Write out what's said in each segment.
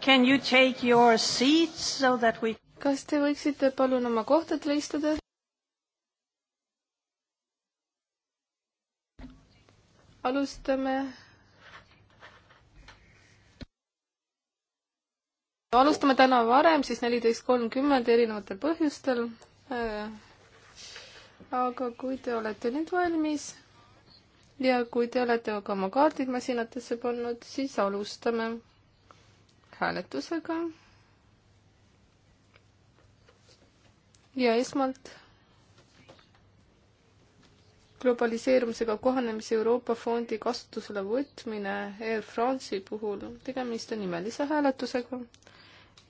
Can you take your seats so that we kas te võiksite palun oma kohtadele istuda? alustame. alustame täna varem, siis neliteist kolmkümmend erinevatel põhjustel. Äh, aga kui te olete nüüd valmis ja kui te olete ka oma kaardid masinatesse pannud, siis alustame hääletusega. ja esmalt globaliseerumisega kohanemise Euroopa Fondi kasutusele võtmine Air France'i puhul, tegemist on nimelise hääletusega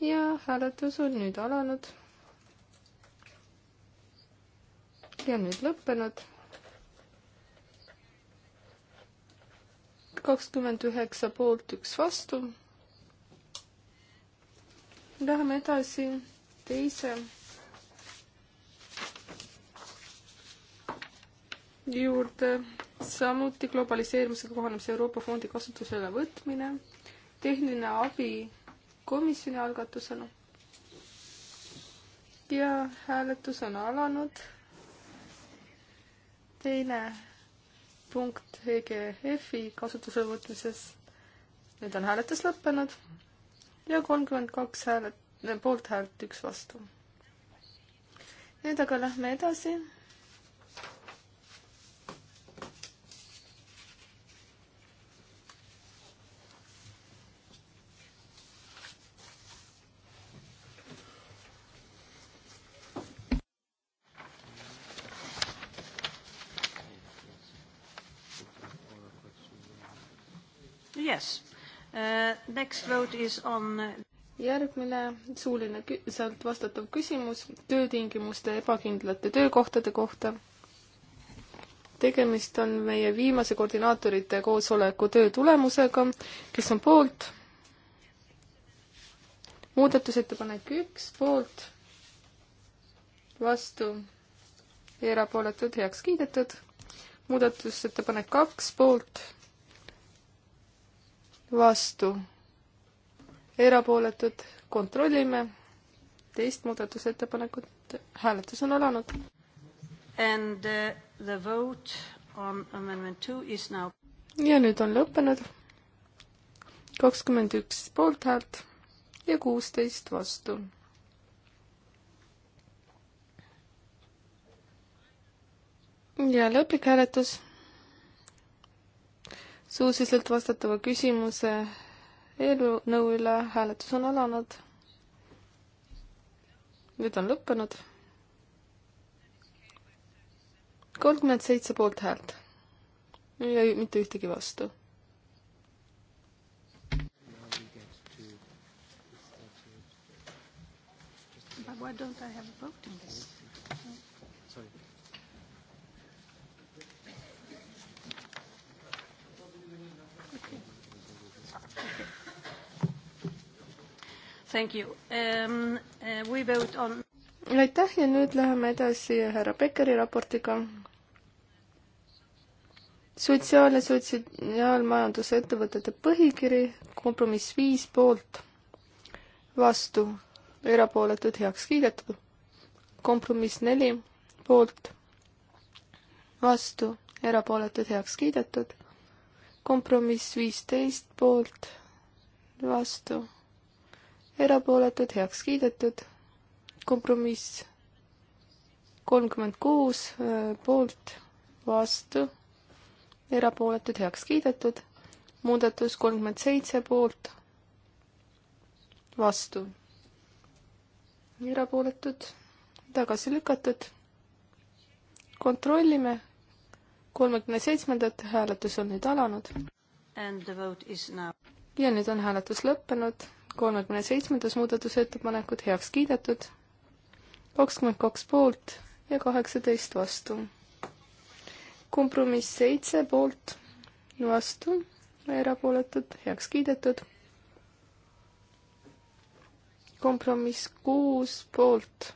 ja hääletus on nüüd alanud. ja nüüd lõppenud. kakskümmend üheksa poolt, üks vastu Läheme edasi teise juurde, samuti globaliseerimisega kohanemise Euroopa Fondi kasutusele võtmine, tehniline abi komisjoni algatusena. ja hääletus on alanud. teine punkt EGF-i kasutusele võtmises. nüüd on hääletus lõppenud ja kolmkümmend kaks häälet, poolthäält, üks vastu. nüüd aga lähme edasi next vote is on uh, järgmine suuline sealt vastatav küsimus töötingimuste ebakindlate töökohtade kohta. tegemist on meie viimase koordinaatorite koosoleku töö tulemusega, kes on poolt. muudatusettepanek üks, poolt, vastu ja erapooletud heaks kiidetud. muudatusettepanek kaks, poolt, vastu erapooletud, kontrollime teist muudatusettepanekut, hääletus on alanud. And uh, the vote on amendment two is now. ja nüüd on lõppenud kakskümmend üks poolthäält ja kuusteist vastu. ja lõplik hääletus suusiselt vastatava küsimuse eelnõu üle hääletus on alanud. nüüd on lõppenud. kolmkümmend seitse poolthäält ja mitte ühtegi vastu. Why don't I have a vote in this? Sorry. Okay. Thank you um,. Uh, we vote on. aitäh ja nüüd läheme edasi härra Beckeri raportiga. sotsiaal- ja sotsiaalmajandusettevõtete põhikiri, kompromiss viis poolt, vastu, erapooletud, heaks kiidetud. kompromiss neli poolt, vastu, erapooletud, heaks kiidetud. kompromiss viisteist poolt, vastu erapooletud, heaks kiidetud. kompromiss kolmkümmend kuus äh, poolt, vastu, erapooletud, heaks kiidetud. muudatus kolmkümmend seitse poolt, vastu, erapooletud, tagasi lükatud. kontrollime. kolmekümne seitsmendat hääletus on nüüd alanud. ja nüüd on hääletus lõppenud kolmekümne seitsmendas muudatusettepanekud heaks kiidetud, kakskümmend kaks poolt ja kaheksateist vastu. kompromiss seitse poolt, vastu, erapooletud, heaks kiidetud. kompromiss kuus poolt,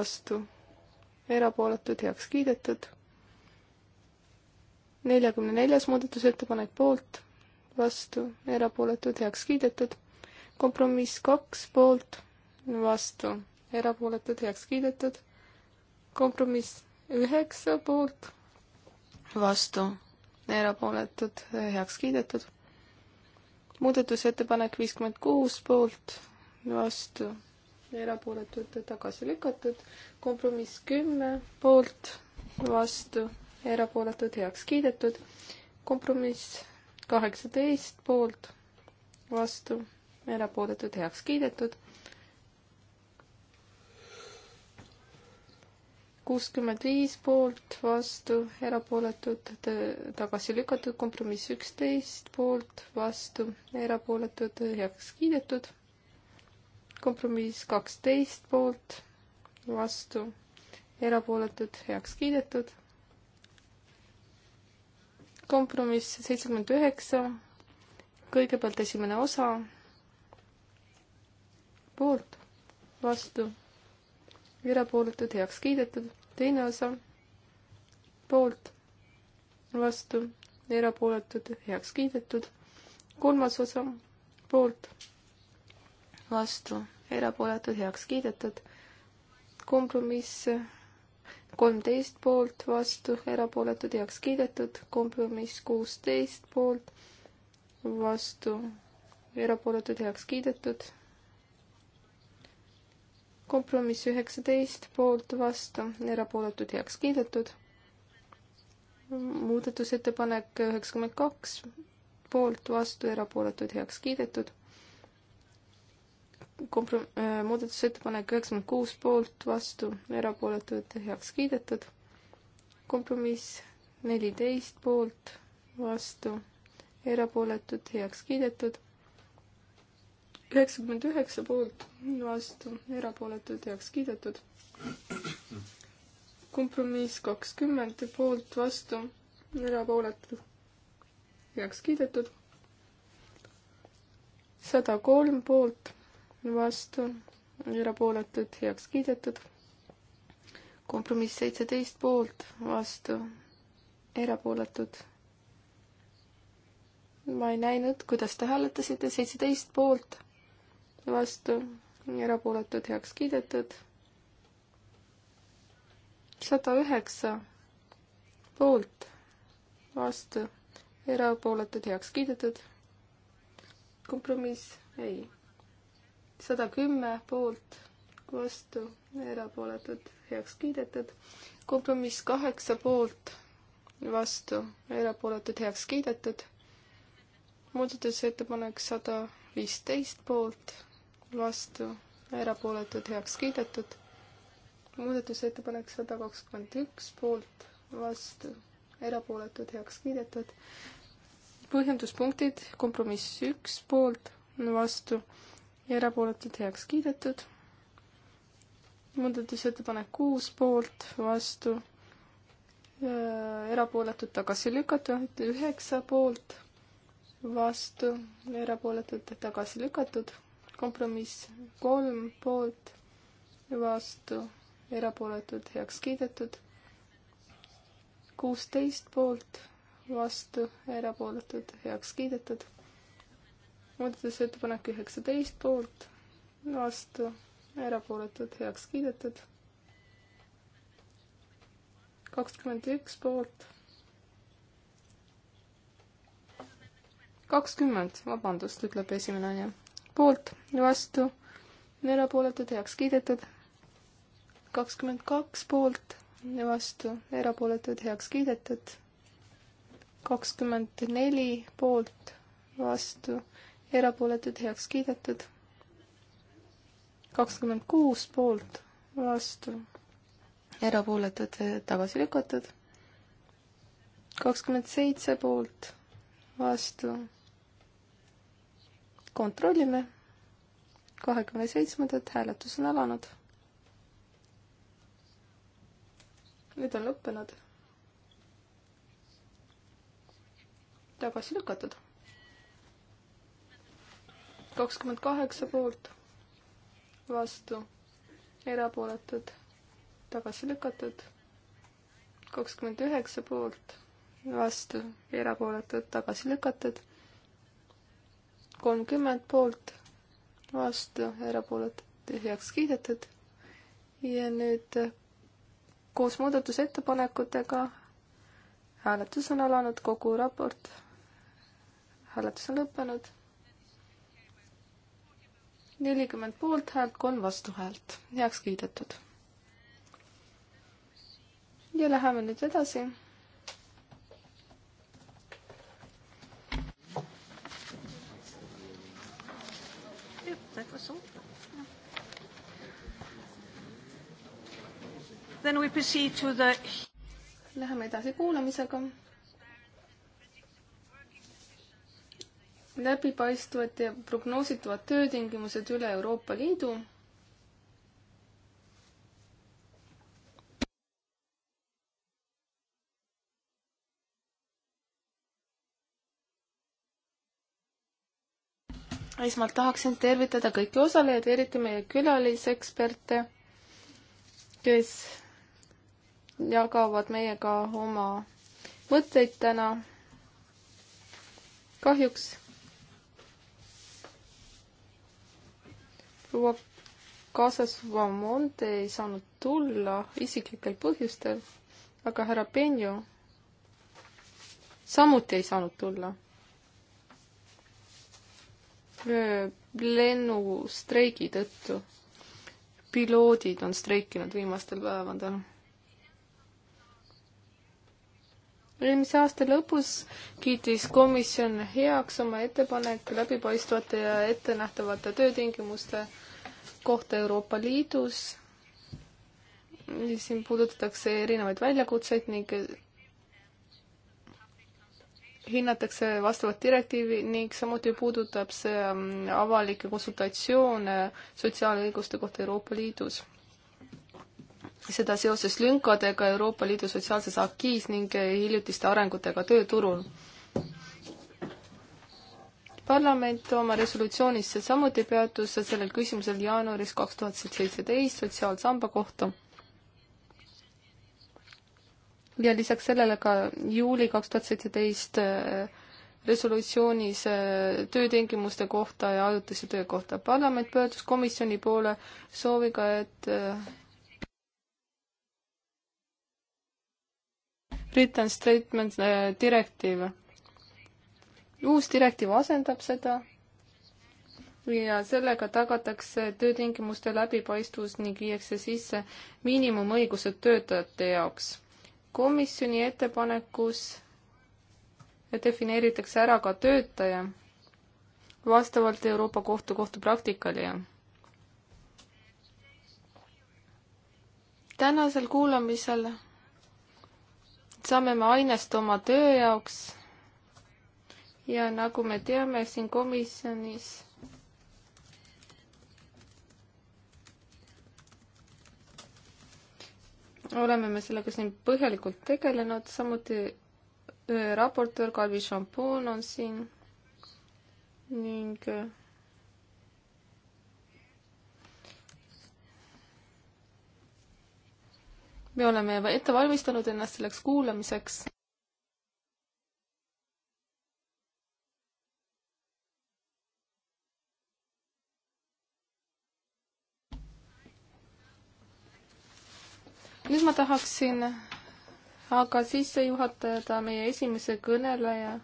vastu, erapooletud, heaks kiidetud. neljakümne neljas muudatusettepanek poolt vastu, erapooletud heaks kiidetud kompromiss kaks poolt, vastu, erapooletud, heaks kiidetud. kompromiss üheksa poolt, vastu, erapooletud, heaks kiidetud. muudatusettepanek viiskümmend kuus poolt, vastu, erapooletud, tagasi lükatud. kompromiss kümme poolt, vastu, erapooletud, heaks kiidetud. kompromiss kaheksateist poolt, vastu erapooletud, heaks kiidetud. kuuskümmend viis poolt, vastu, erapooletud, tagasi lükatud, kompromiss üksteist poolt, vastu, erapooletud, heaks kiidetud. kompromiss kaksteist poolt, vastu, erapooletud, heaks kiidetud. kompromiss seitsekümmend üheksa, kõigepealt esimene osa poolt, vastu, erapooletud, heaks kiidetud, teine osa, poolt, vastu, erapooletud, heaks kiidetud, kolmas osa, poolt, vastu, erapooletud, heaks kiidetud, kompromiss kolmteist poolt, vastu, erapooletud, heaks kiidetud, kompromiss kuusteist poolt, vastu, erapooletud, heaks kiidetud kompromiss üheksateist poolt vastu, erapooletud heaks kiidetud. muudatusettepanek üheksakümmend kaks poolt vastu, erapooletud heaks kiidetud komprom-, äh, muudatusettepanek üheksakümmend kuus poolt, vastu, erapooletud, heaks kiidetud. kompromiss neliteist poolt, vastu, erapooletud, heaks kiidetud üheksakümmend üheksa poolt, vastu, erapooletud, heaks kiidetud. kompromiss kakskümmend poolt, vastu, erapooletud, heaks kiidetud. sada kolm poolt, vastu, erapooletud, heaks kiidetud. kompromiss seitseteist poolt, vastu, erapooletud ma ei näinud, kuidas te hääletasite, seitseteist poolt vastu, erapooletud heaks kiidetud. sada üheksa poolt, vastu, erapooletud heaks kiidetud. kompromiss, ei. sada kümme poolt, vastu, erapooletud heaks kiidetud. kompromiss kaheksa poolt, vastu, erapooletud heaks kiidetud. muudatusettepanek sada viisteist poolt vastu, erapooletud, heaks kiidetud. muudatusettepanek sada kakskümmend üks, poolt, vastu, erapooletud, heaks kiidetud. põhjenduspunktid, kompromiss üks, poolt, vastu, erapooletud, heaks kiidetud. muudatusettepanek kuus, poolt, vastu, äh, erapooletud, tagasi lükatud, üheksa poolt vastu, erapooletud tagasi lükatud kompromiss kolm poolt, vastu, erapooletud, heaks kiidetud. kuusteist poolt, vastu, erapooletud, heaks kiidetud. muudatusettepanek üheksateist poolt, vastu, erapooletud, heaks kiidetud. kakskümmend üks poolt kakskümmend, vabandust, ütleb esimene onju poolt, vastu, erapooletud, heaks kiidetud. kakskümmend kaks poolt, vastu, erapooletud, heaks kiidetud. kakskümmend neli poolt, vastu, erapooletud, heaks kiidetud. kakskümmend kuus poolt, vastu, erapooletud, tagasi lükatud. kakskümmend seitse poolt, vastu kontrollime kahekümne seitsmendat, hääletus on alanud. nüüd on lõppenud. tagasi lükatud. kakskümmend kaheksa poolt, vastu, erapooletud, tagasi lükatud. kakskümmend üheksa poolt, vastu, erapooletud, tagasi lükatud kolmkümmend poolt, vastu, erapooletud heaks kiidetud. ja nüüd eh, koos muudatusettepanekutega hääletus on alanud, kogu raport. hääletus on lõppenud. nelikümmend poolthäält, kolm vastuhäält, heaks kiidetud. ja läheme nüüd edasi That was all? No. Then we proceed to the... Läheme edasi kuulamisega. läbipaistvad ja prognoositavad töötingimused üle Euroopa Liidu esmalt tahaksin tervitada kõiki osalejaid, eriti meie külaliseksperte, kes jagavad meiega oma mõtteid täna. kahjuks proua Casas Vamonte ei saanud tulla isiklikel põhjustel, aga härra Penjo samuti ei saanud tulla lennustreigi tõttu. piloodid on streikinud viimastel päevadel. eelmise aasta lõpus kiitis komisjon heaks oma ettepanek läbipaistvate ja ettenähtavate töötingimuste kohta Euroopa Liidus. siin puudutatakse erinevaid väljakutseid ning hinnatakse vastavat direktiivi ning samuti puudutab see ähm, avalikke konsultatsioone sotsiaalõiguste kohta Euroopa Liidus. seda seoses lünkadega Euroopa Liidu sotsiaalses akiis ning hiljutiste arengutega tööturul. parlament oma resolutsioonis samuti peatus sellel küsimusel jaanuaris kaks tuhat seitseteist sotsiaalsamba kohta ja lisaks sellele ka juuli kaks tuhat seitseteist äh, resolutsioonis äh, töötingimuste kohta ja ajutise töö kohta. parlament pöördus komisjoni poole sooviga, et äh, return statement direktiiv. uus direktiiv asendab seda ja sellega tagatakse töötingimuste läbipaistvus ning viiakse sisse miinimumõigused töötajate jaoks komisjoni ettepanekus defineeritakse ära ka töötaja vastavalt Euroopa Kohtu kohtupraktikale ja tänasel kuulamisel saame me ainest oma töö jaoks ja nagu me teame, siin komisjonis oleme me sellega siin põhjalikult tegelenud, samuti äh, raportöör Kalvi Šampoon on siin ning äh, me oleme ette valmistanud ennast selleks kuulamiseks. nüüd ma tahaksin aga sisse juhatada meie esimese kõneleja,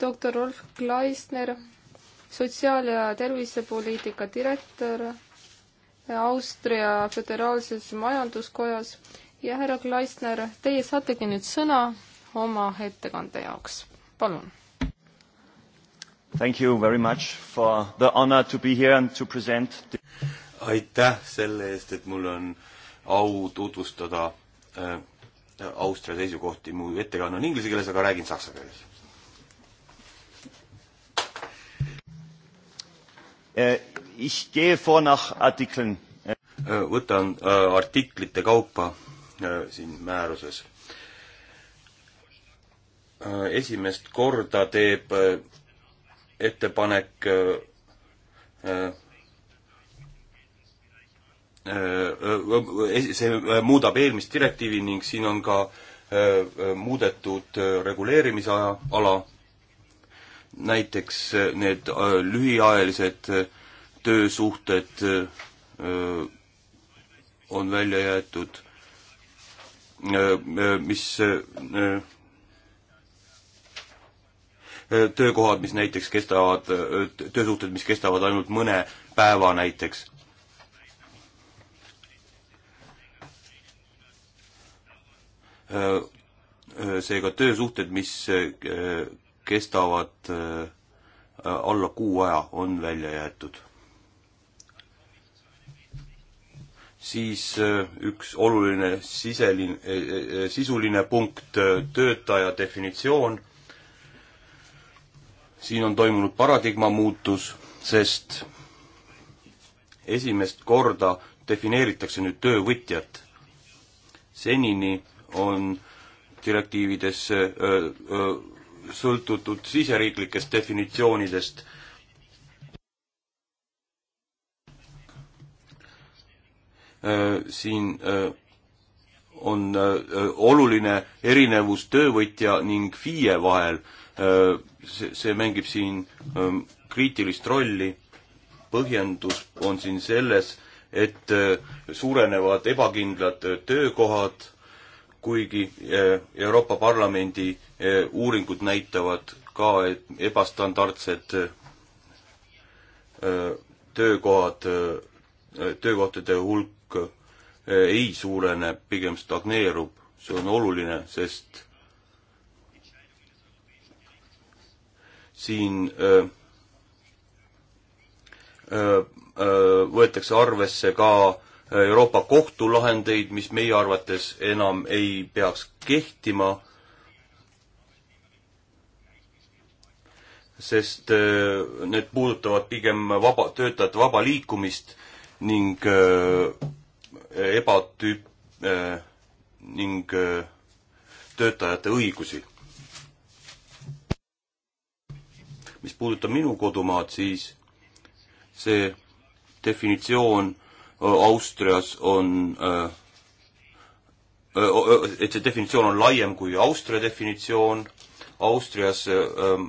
doktor Rolf Kleisner, sotsiaal- ja tervisepoliitika direktor Austria Föderaalses Majanduskojas ja härra Kleisner, teie saategi nüüd sõna oma ettekande jaoks, palun. Thank you very much for the honor to be here and to present the... aitäh selle eest, et mul on äh, au tutvustada äh, Austria seisukohti, mu ettekanne on inglise keeles, aga räägin saksa keeles. Äh, ich gehe vor nach artiklin. Äh, võtan äh, artiklite kaupa äh, siin määruses äh, esimest korda teeb ettepanek Äh, äh, see äh, muudab eelmist direktiivi ning siin on ka muudetud reguleerimise ala, näiteks need lühiajalised töösuhted on välja jäetud, mis töökohad, mis näiteks kestavad, töösuhted, mis kestavad ainult mõne päeva näiteks Äh, äh, seega töösuhted, mis äh, kestavad alla kuu aja, on välja jäetud. siis üks oluline siseline, sisuline punkt, töötaja definitsioon. siin on toimunud paradigma muutus, sest esimest korda defineeritakse nüüd töövõtjat. senini on direktiividesse sõltutud siseriiklikest definitsioonidest. siin on oluline erinevus töövõtja ning FIE vahel. see mängib siin kriitilist rolli. põhjendus on siin selles, et suurenevad ebakindlad töökohad kuigi äh, Euroopa Parlamendi äh, uuringud näitavad ka, et ebastandardsed äh, töökohad, töökohtade hulk ei suurene, pigem stagneerub. see on oluline, sest siin öö, öö, võetakse arvesse ka Äh, Euroopa Kohtu lahendeid, mis meie arvates enam ei peaks kehtima, sest äh, need puudutavad pigem vaba, töötajate vaba liikumist ning äh, ebatüüp- ning töötajate õigusi. mis puudutab minu kodumaad, siis see definitsioon Austrias on, äh, äh, äh, et see definitsioon on laiem kui Austria definitsioon, Austrias ähm,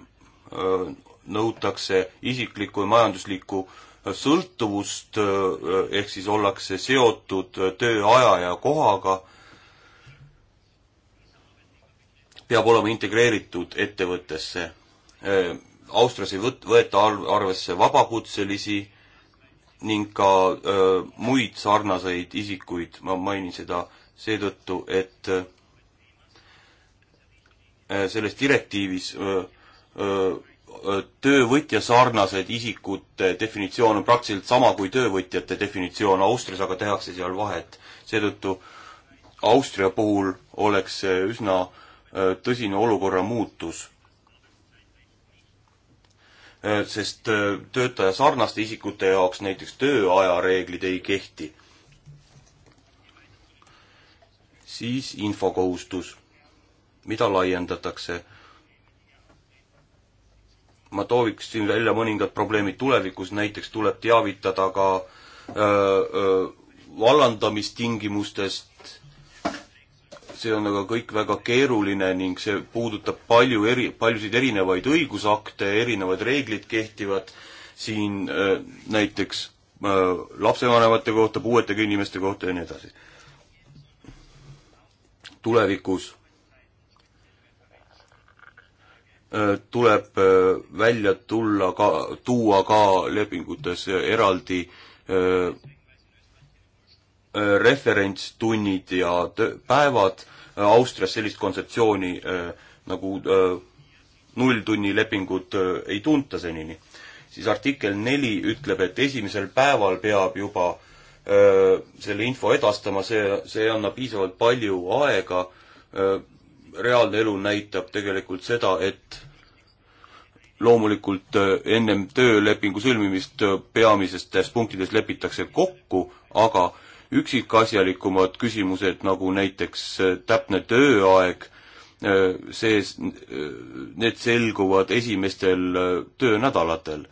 nõutakse isiklikku ja majanduslikku sõltuvust, ehk siis ollakse seotud tööaja ja kohaga, peab olema integreeritud ettevõttesse. Austrias ei võt-, võeta arv-, arvesse vabakutselisi, ning ka öö, muid sarnaseid isikuid, ma mainin seda seetõttu, et öö, selles direktiivis öö, öö, töövõtja sarnased isikute definitsioon on praktiliselt sama kui töövõtjate definitsioon Austrias, aga tehakse seal vahet. seetõttu Austria puhul oleks see üsna öö, tõsine olukorra muutus Äh, sest äh, töötaja sarnaste isikute jaoks näiteks tööajareeglid ei kehti. siis infokohustus, mida laiendatakse. ma tooviksin välja mõningad probleemid tulevikus, näiteks tuleb teavitada ka öö, äh, öö, vallandamistingimustest see on aga kõik väga keeruline ning see puudutab palju eri, paljusid erinevaid õigusakte, erinevad reeglid kehtivad siin äh, näiteks äh, lapsevanemate kohta, puuetega inimeste kohta ja nii edasi. tulevikus äh, tuleb välja tulla ka, tuua ka lepingutes eraldi Äh, referentstunnid ja päevad, äh, Austrias sellist kontseptsiooni äh, nagu nulltunnilepingut ei tunta senini. siis artikkel neli ütleb, et esimesel päeval peab juba öö, selle info edastama, see, see annab piisavalt palju aega, reaalne elu näitab tegelikult seda, et loomulikult ennem töölepingu sõlmimist peamistes punktides lepitakse kokku, aga üksikasjalikumad küsimused, nagu näiteks äh, täpne tööaeg, äh, see, äh, need selguvad esimestel töönädalatel.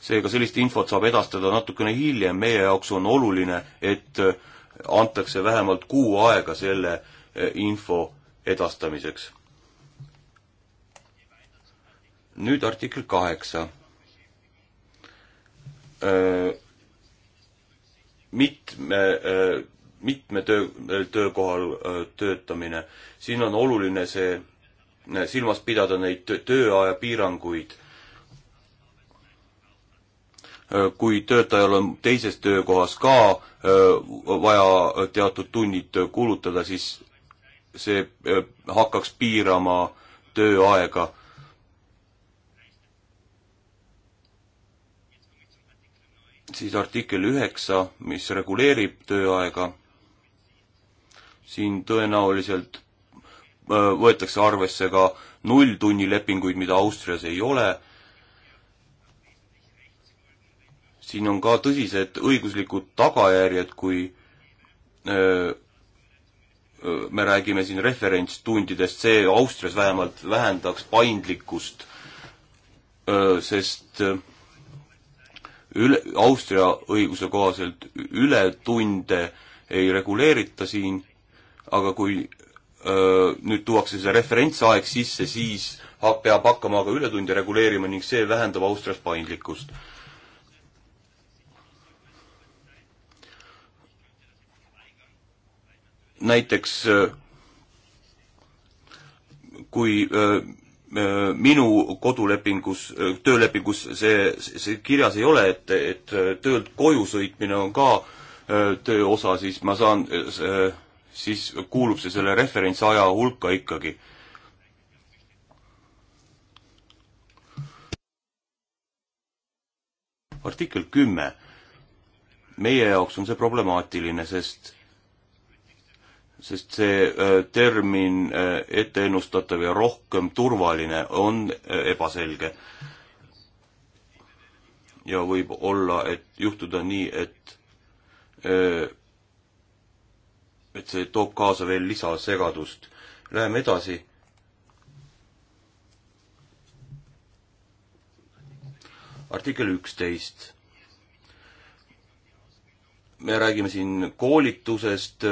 seega sellist infot saab edastada natukene hiljem, meie jaoks on oluline, et antakse vähemalt kuu aega selle info edastamiseks. nüüd artikkel kaheksa Äh, mitme, äh, mitme töö, äh, töökohal töötamine, siin on oluline see, silmas pidada neid tööaja piiranguid. kui töötajal on teises töökohas ka vaja teatud tunnid kulutada, siis see hakkaks piirama tööaega siis artikkel üheksa, mis reguleerib tööaega, siin tõenäoliselt äh, võetakse arvesse ka nulltunnilepinguid, mida Austrias ei ole. siin on ka tõsised õiguslikud tagajärjed, kui öö, äh, äh, me räägime siin referentstundidest, see Austrias vähemalt vähendaks paindlikkust, sest öö, üle, Austria õiguse kohaselt ületunde ei reguleerita siin, aga kui öö, nüüd tuuakse see referentsaeg sisse, siis peab hakkama ka ületunde reguleerima ning see vähendab Austrias paindlikkust. näiteks kui öö, Äh, minu kodulepingus, äh, töölepingus see, see kirjas ei ole, et, et äh, töölt koju sõitmine on ka töö osa, siis ma saan, siis kuulub see selle referentsaja hulka ikkagi. artikkel kümme. meie jaoks on see problemaatiline, sest sest see äh, termin äh, etteennustatav ja rohkem turvaline on äh, ebaselge. ja võib olla, et juhtuda nii, et et see toob kaasa veel lisasegadust. Läheme edasi. artikkel üksteist. me räägime siin koolitusest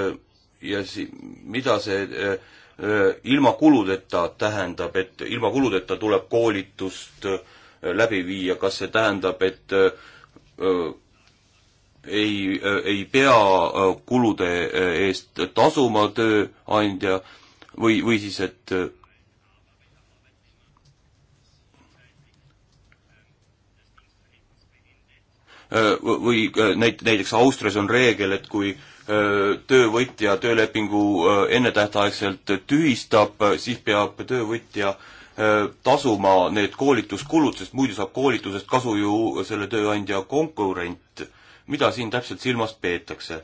ja si-, mida see äh, äh, ilma kuludeta tähendab, et ilma kuludeta tuleb koolitust äh, läbi viia, kas see tähendab, et ei, ei pea kulude eest tasuma tööandja või, või siis, et või näit-, näiteks Austrias on reegel, et kui äh, töövõtja töölepingu ennetähtaegselt tühistab, siis peab töövõtja tasuma need koolituskulud, sest muidu saab koolitusest kasu ju selle tööandja konkurent. mida siin täpselt silmas peetakse?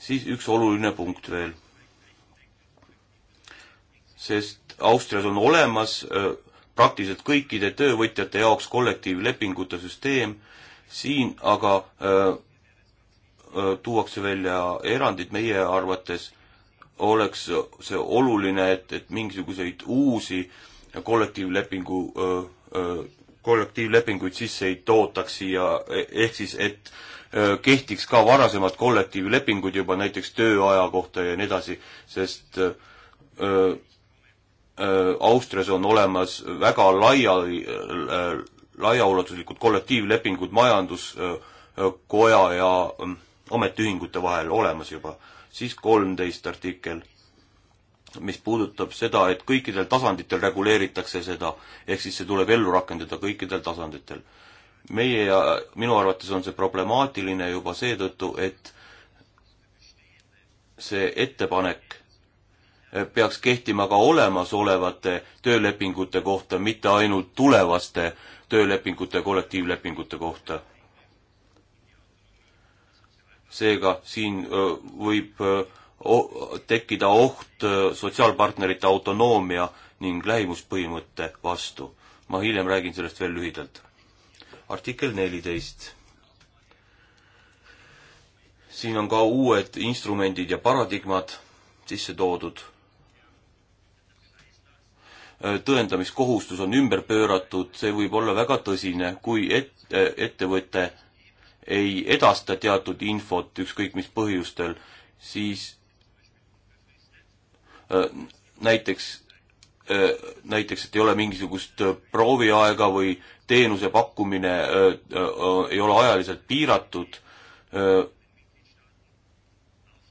siis üks oluline punkt veel. sest Austrias on olemas praktiliselt kõikide töövõtjate jaoks kollektiivlepingute süsteem, siin aga äh, tuuakse välja erandid, meie arvates oleks see oluline, et, et mingisuguseid uusi kollektiivlepingu, kollektiivlepinguid sisse ei toodaks siia, e, ehk siis, et kehtiks ka varasemad kollektiivlepingud juba näiteks tööaja kohta ja nii edasi, sest öö, öö, Austrias on olemas väga laiali, laiaulatuslikud kollektiivlepingud majanduskoja ja öö, ametiühingute vahel olemas juba, siis kolmteist artikkel, mis puudutab seda, et kõikidel tasanditel reguleeritakse seda, ehk siis see tuleb ellu rakendada kõikidel tasanditel. meie ja minu arvates on see problemaatiline juba seetõttu, et see ettepanek eh, peaks kehtima ka olemasolevate töölepingute kohta, mitte ainult tulevaste töölepingute ja kollektiivlepingute kohta seega siin võib tekkida oht sotsiaalpartnerite autonoomia ning lähimuspõhimõtte vastu. ma hiljem räägin sellest veel lühidalt. artikkel neliteist. siin on ka uued instrumendid ja paradigmad sisse toodud. tõendamiskohustus on ümber pööratud, see võib olla väga tõsine, kui et, ettevõte ei edasta teatud infot ükskõik mis põhjustel, siis näiteks, näiteks, et ei ole mingisugust prooviaega või teenuse pakkumine ei ole ajaliselt piiratud,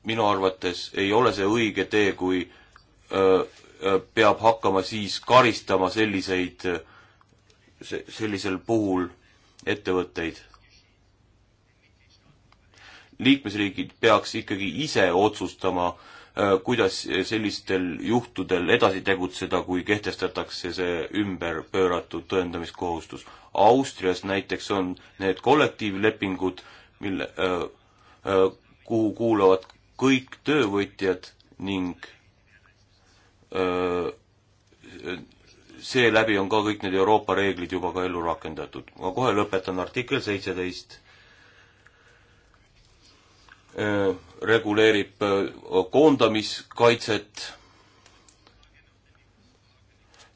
minu arvates ei ole see õige tee, kui peab hakkama siis karistama selliseid, sellisel puhul ettevõtteid liikmesriigid peaks ikkagi ise otsustama, äh, kuidas äh, sellistel juhtudel edasi tegutseda, kui kehtestatakse see ümberpööratud tõendamiskohustus. Austrias näiteks on need kollektiivlepingud, mille, äh, kuhu kuuluvad kõik töövõtjad ning seeläbi on ka kõik need Euroopa reeglid juba ka ellu rakendatud. ma kohe lõpetan, artikkel seitseteist Äh, reguleerib äh, koondamiskaitset,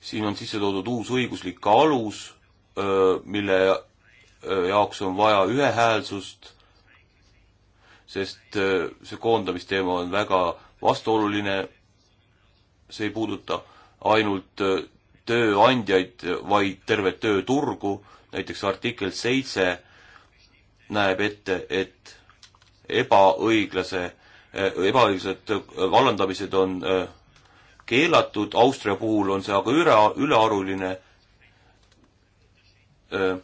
siin on sisse toodud uus õiguslik alus, äh, mille jaoks on vaja ühehäälsust, sest see koondamisteema on väga vastuoluline, see ei puuduta ainult tööandjaid, vaid tervet tööturgu, näiteks artikkel seitse näeb ette, et ebaõiglase, ebaõiglased vallandamised on äh, keelatud, Austria puhul on see aga üle, ülearuline. Äh,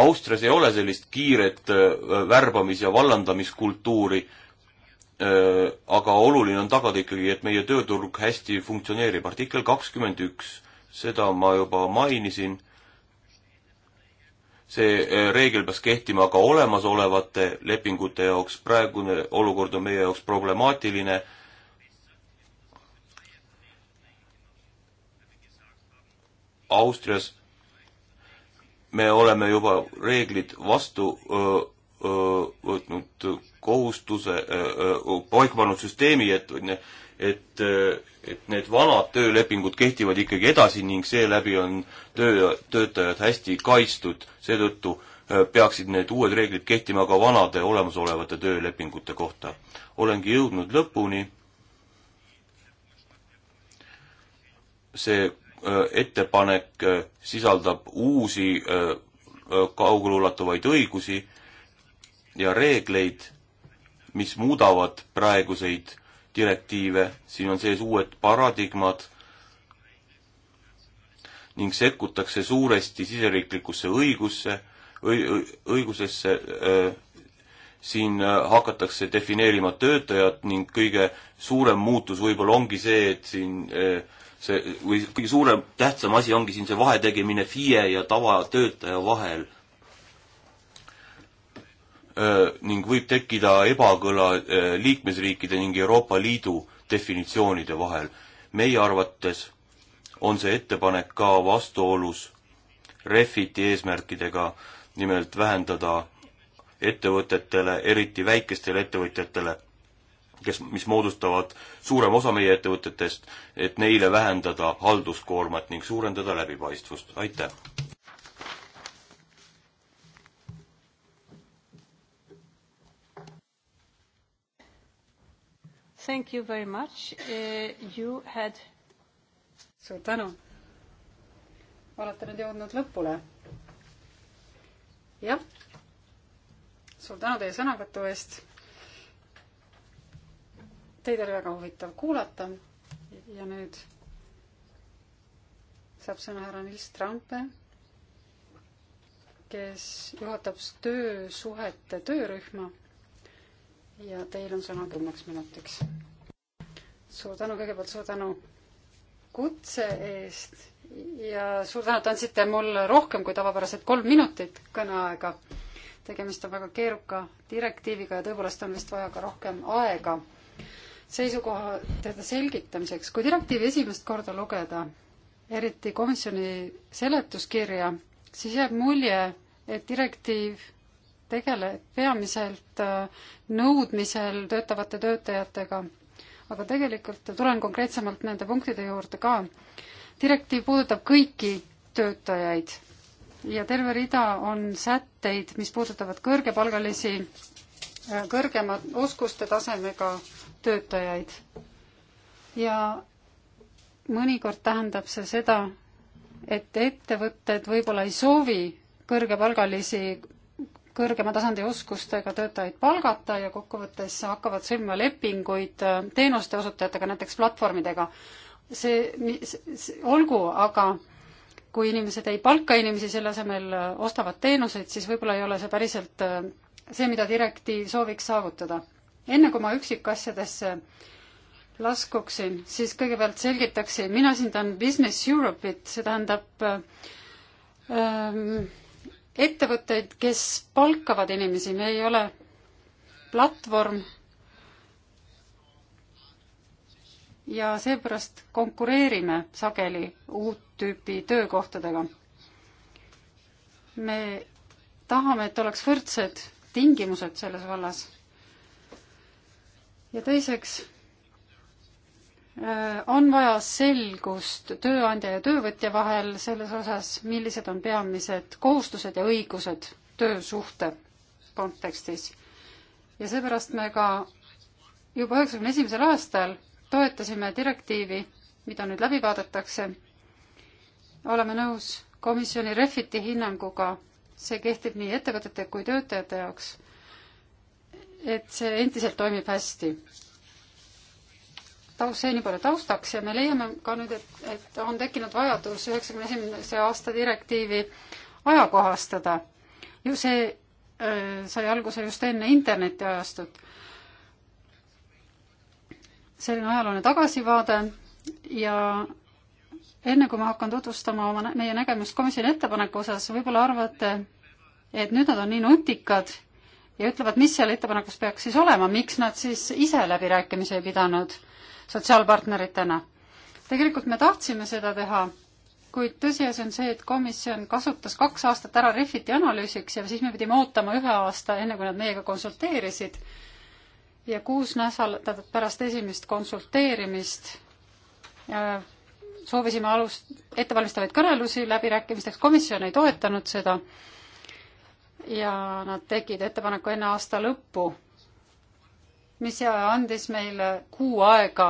Austrias ei ole sellist kiiret äh, värbamis- ja vallandamiskultuuri Äh, aga oluline on tagada ikkagi, et meie tööturg hästi funktsioneerib. artikkel kakskümmend üks, seda ma juba mainisin, see äh, reegel peaks kehtima ka olemasolevate lepingute jaoks, praegune olukord on meie jaoks problemaatiline Austrias me oleme juba reeglid vastu öö, äh, öö, võtnud kohustuse paika pannud süsteemi, et, et, et need vanad töölepingud kehtivad ikkagi edasi ning seeläbi on töö, töötajad hästi kaitstud, seetõttu peaksid need uued reeglid kehtima ka vanade olemasolevate töölepingute kohta. olengi jõudnud lõpuni. see ettepanek sisaldab uusi kaugeleulatuvaid õigusi ja reegleid mis muudavad praeguseid direktiive, siin on sees uued paradigmad ning sekkutakse suuresti siseriiklikusse õigusse, õigusesse, siin hakatakse defineerima töötajat ning kõige suurem muutus võib-olla ongi see, et siin see, või kõige suurem, tähtsam asi ongi siin see vahetegemine FIE ja tavatöötaja vahel Äh, ning võib tekkida ebakõla äh, liikmesriikide ning Euroopa Liidu definitsioonide vahel. meie arvates on see ettepanek ka vastuolus Refiti eesmärkidega, nimelt vähendada ettevõtetele, eriti väikestele ettevõtjatele, kes, mis moodustavad suurem osa meie ettevõtetest, et neile vähendada halduskoormat ning suurendada läbipaistvust. aitäh! Thank you very much uh,. You had. suur tänu. olete nüüd jõudnud lõpule? jah. suur tänu teie sõnavõtu eest. Teid oli väga huvitav kuulata. ja nüüd saab sõna härra Nils Trampe, kes juhatab töösuhete töörühma ja teil on sõna kümneks minutiks. suur tänu, kõigepealt suur tänu kutse eest ja suur tänu, et andsite mulle rohkem kui tavapäraselt kolm minutit kõneaega. tegemist on väga keeruka direktiiviga ja tõepoolest on vist vaja ka rohkem aega seisukohtade selgitamiseks. kui direktiivi esimest korda lugeda, eriti komisjoni seletuskirja, siis jääb mulje, et direktiiv tegele-, peamiselt äh, nõudmisel töötavate töötajatega. aga tegelikult tulen konkreetsemalt nende punktide juurde ka. direktiiv puudutab kõiki töötajaid ja terve rida on sätteid, mis puudutavad kõrgepalgalisi, äh, kõrgema oskuste tasemega töötajaid. ja mõnikord tähendab see seda, et ettevõtted võib-olla ei soovi kõrgepalgalisi kõrgema tasandi oskustega töötajaid palgata ja kokkuvõttes hakkavad sõlmima lepinguid äh, teenuste osutajatega, näiteks platvormidega. see, olgu, aga kui inimesed ei palka inimesi, selle asemel äh, ostavad teenuseid, siis võib-olla ei ole see päriselt äh, see, mida direktiiv sooviks saavutada. enne kui ma üksikasjadesse laskuksin, siis kõigepealt selgitaksin, mina esindan Business Europe'it, see tähendab ähm, ettevõtteid, kes palkavad inimesi, me ei ole platvorm. ja seepärast konkureerime sageli uut tüüpi töökohtadega. me tahame, et oleks võrdsed tingimused selles vallas. ja teiseks Äh, on vaja selgust tööandja ja töövõtja vahel selles osas, millised on peamised kohustused ja õigused töösuhte kontekstis. ja seepärast me ka juba üheksakümne esimesel aastal toetasime direktiivi, mida nüüd läbi vaadatakse. oleme nõus komisjoni Refiti hinnanguga, see kehtib nii ettevõtete kui töötajate jaoks, et see endiselt toimib hästi taust, see nii palju taustaks ja me leiame ka nüüd, et, et on tekkinud vajadus üheksakümne esimese aasta direktiivi ajakohastada. ju see öö, sai alguse just enne internetiajastut. selline ajalooline tagasivaade ja enne kui ma hakkan tutvustama oma, meie nägemust komisjoni ettepaneku osas, võib-olla arvate, et nüüd nad on nii nutikad ja ütlevad, mis seal ettepanekus peaks siis olema, miks nad siis ise läbirääkimisi ei pidanud sotsiaalpartneritena. tegelikult me tahtsime seda teha, kuid tõsiasi on see, et komisjon kasutas kaks aastat ära Refiti analüüsiks ja siis me pidime ootama ühe aasta, enne kui nad meiega konsulteerisid. ja kuus nädalat pärast esimest konsulteerimist äh, soovisime alust, ettevalmistavaid kõnelusi läbirääkimisteks, komisjon ei toetanud seda ja nad tegid ettepaneku enne aasta lõppu, mis andis meile kuu aega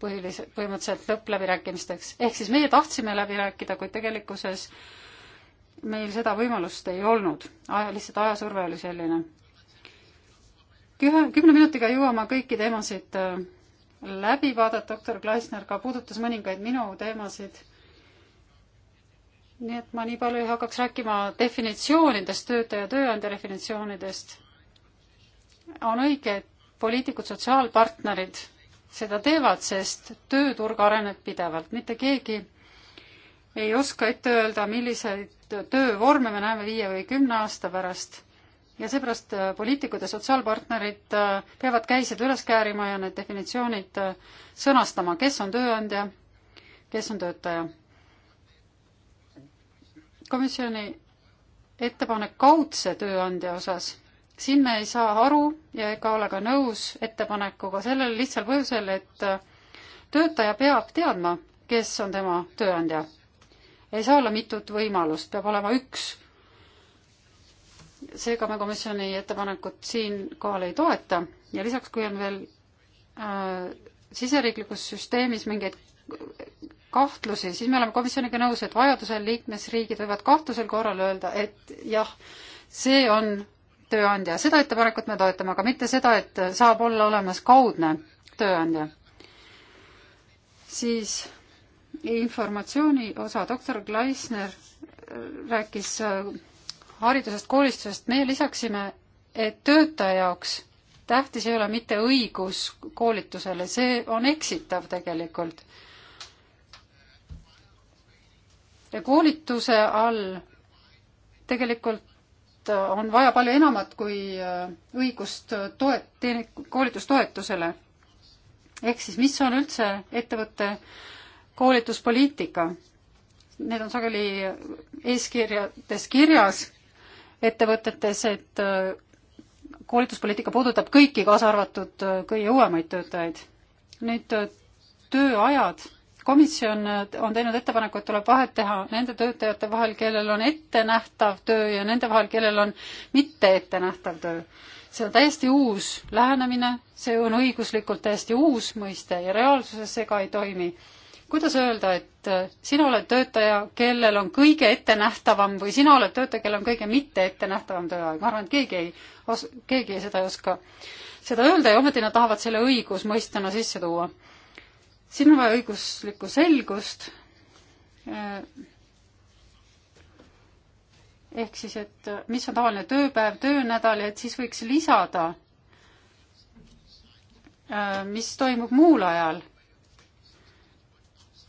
põhiliselt, põhimõtteliselt lõppläbirääkimisteks. ehk siis meie tahtsime läbi rääkida, kuid tegelikkuses meil seda võimalust ei olnud. aja, lihtsalt ajasurve oli selline. Kühe, kümne minutiga jõuame kõiki teemasid äh, läbi vaadata, doktor Gleisner ka puudutas mõningaid minu teemasid nii et ma nii palju ei hakkaks rääkima definitsioonidest, töötaja tööandja definitsioonidest. on õige, et poliitikud, sotsiaalpartnerid seda teevad, sest tööturg areneb pidevalt, mitte keegi ei oska ette öelda, milliseid töövorme me näeme viie või kümne aasta pärast. ja seepärast äh, poliitikud ja sotsiaalpartnerid äh, peavad käised üles käärima ja need definitsioonid äh, sõnastama, kes on tööandja, kes on töötaja komisjoni ettepanek kaudse tööandja osas, siin me ei saa aru ja ega ole ka nõus ettepanekuga sellel lihtsal põhjusel, et töötaja peab teadma, kes on tema tööandja. ei saa olla mitut võimalust, peab olema üks. seega me komisjoni ettepanekut siinkohal ei toeta ja lisaks, kui on veel äh, siseriiklikus süsteemis mingeid kahtlusi, siis me oleme komisjoniga nõus, et vajadusel liikmesriigid võivad kahtlusel korral öelda, et jah, see on tööandja, seda ettepanekut me toetame, aga mitte seda, et saab olla olemas kaudne tööandja. siis informatsiooni osa, doktor Gleisner äh, rääkis äh, haridusest, koolistusest, meie lisaksime, et töötaja jaoks tähtis ei ole mitte õigus koolitusele, see on eksitav tegelikult ja koolituse all tegelikult äh, on vaja palju enamat kui äh, õigust toet-, koolitustoetusele. ehk siis mis on üldse ettevõtte koolituspoliitika? Need on sageli eeskirjades kirjas ettevõtetes, et äh, koolituspoliitika puudutab kõiki, kaasa arvatud kõige uuemaid töötajaid. nüüd tööajad komisjon äh, on teinud ettepaneku, et tuleb vahet teha nende töötajate vahel, kellel on ettenähtav töö ja nende vahel, kellel on mitte ettenähtav töö. see on täiesti uus lähenemine, see on õiguslikult täiesti uus mõiste ja reaalsuses see ka ei toimi. kuidas öelda, et äh, sina oled töötaja, kellel on kõige ettenähtavam või sina oled töötaja, kellel on kõige mitte ettenähtavam tööaeg, ma arvan, et keegi ei, keegi seda ei oska seda öelda ja ometi nad tahavad selle õigusmõistena sisse tuua siin on vaja õiguslikku selgust. Eh, ehk siis, et eh, mis on tavaline tööpäev, töönädal ja et siis võiks lisada, eh, mis toimub muul ajal.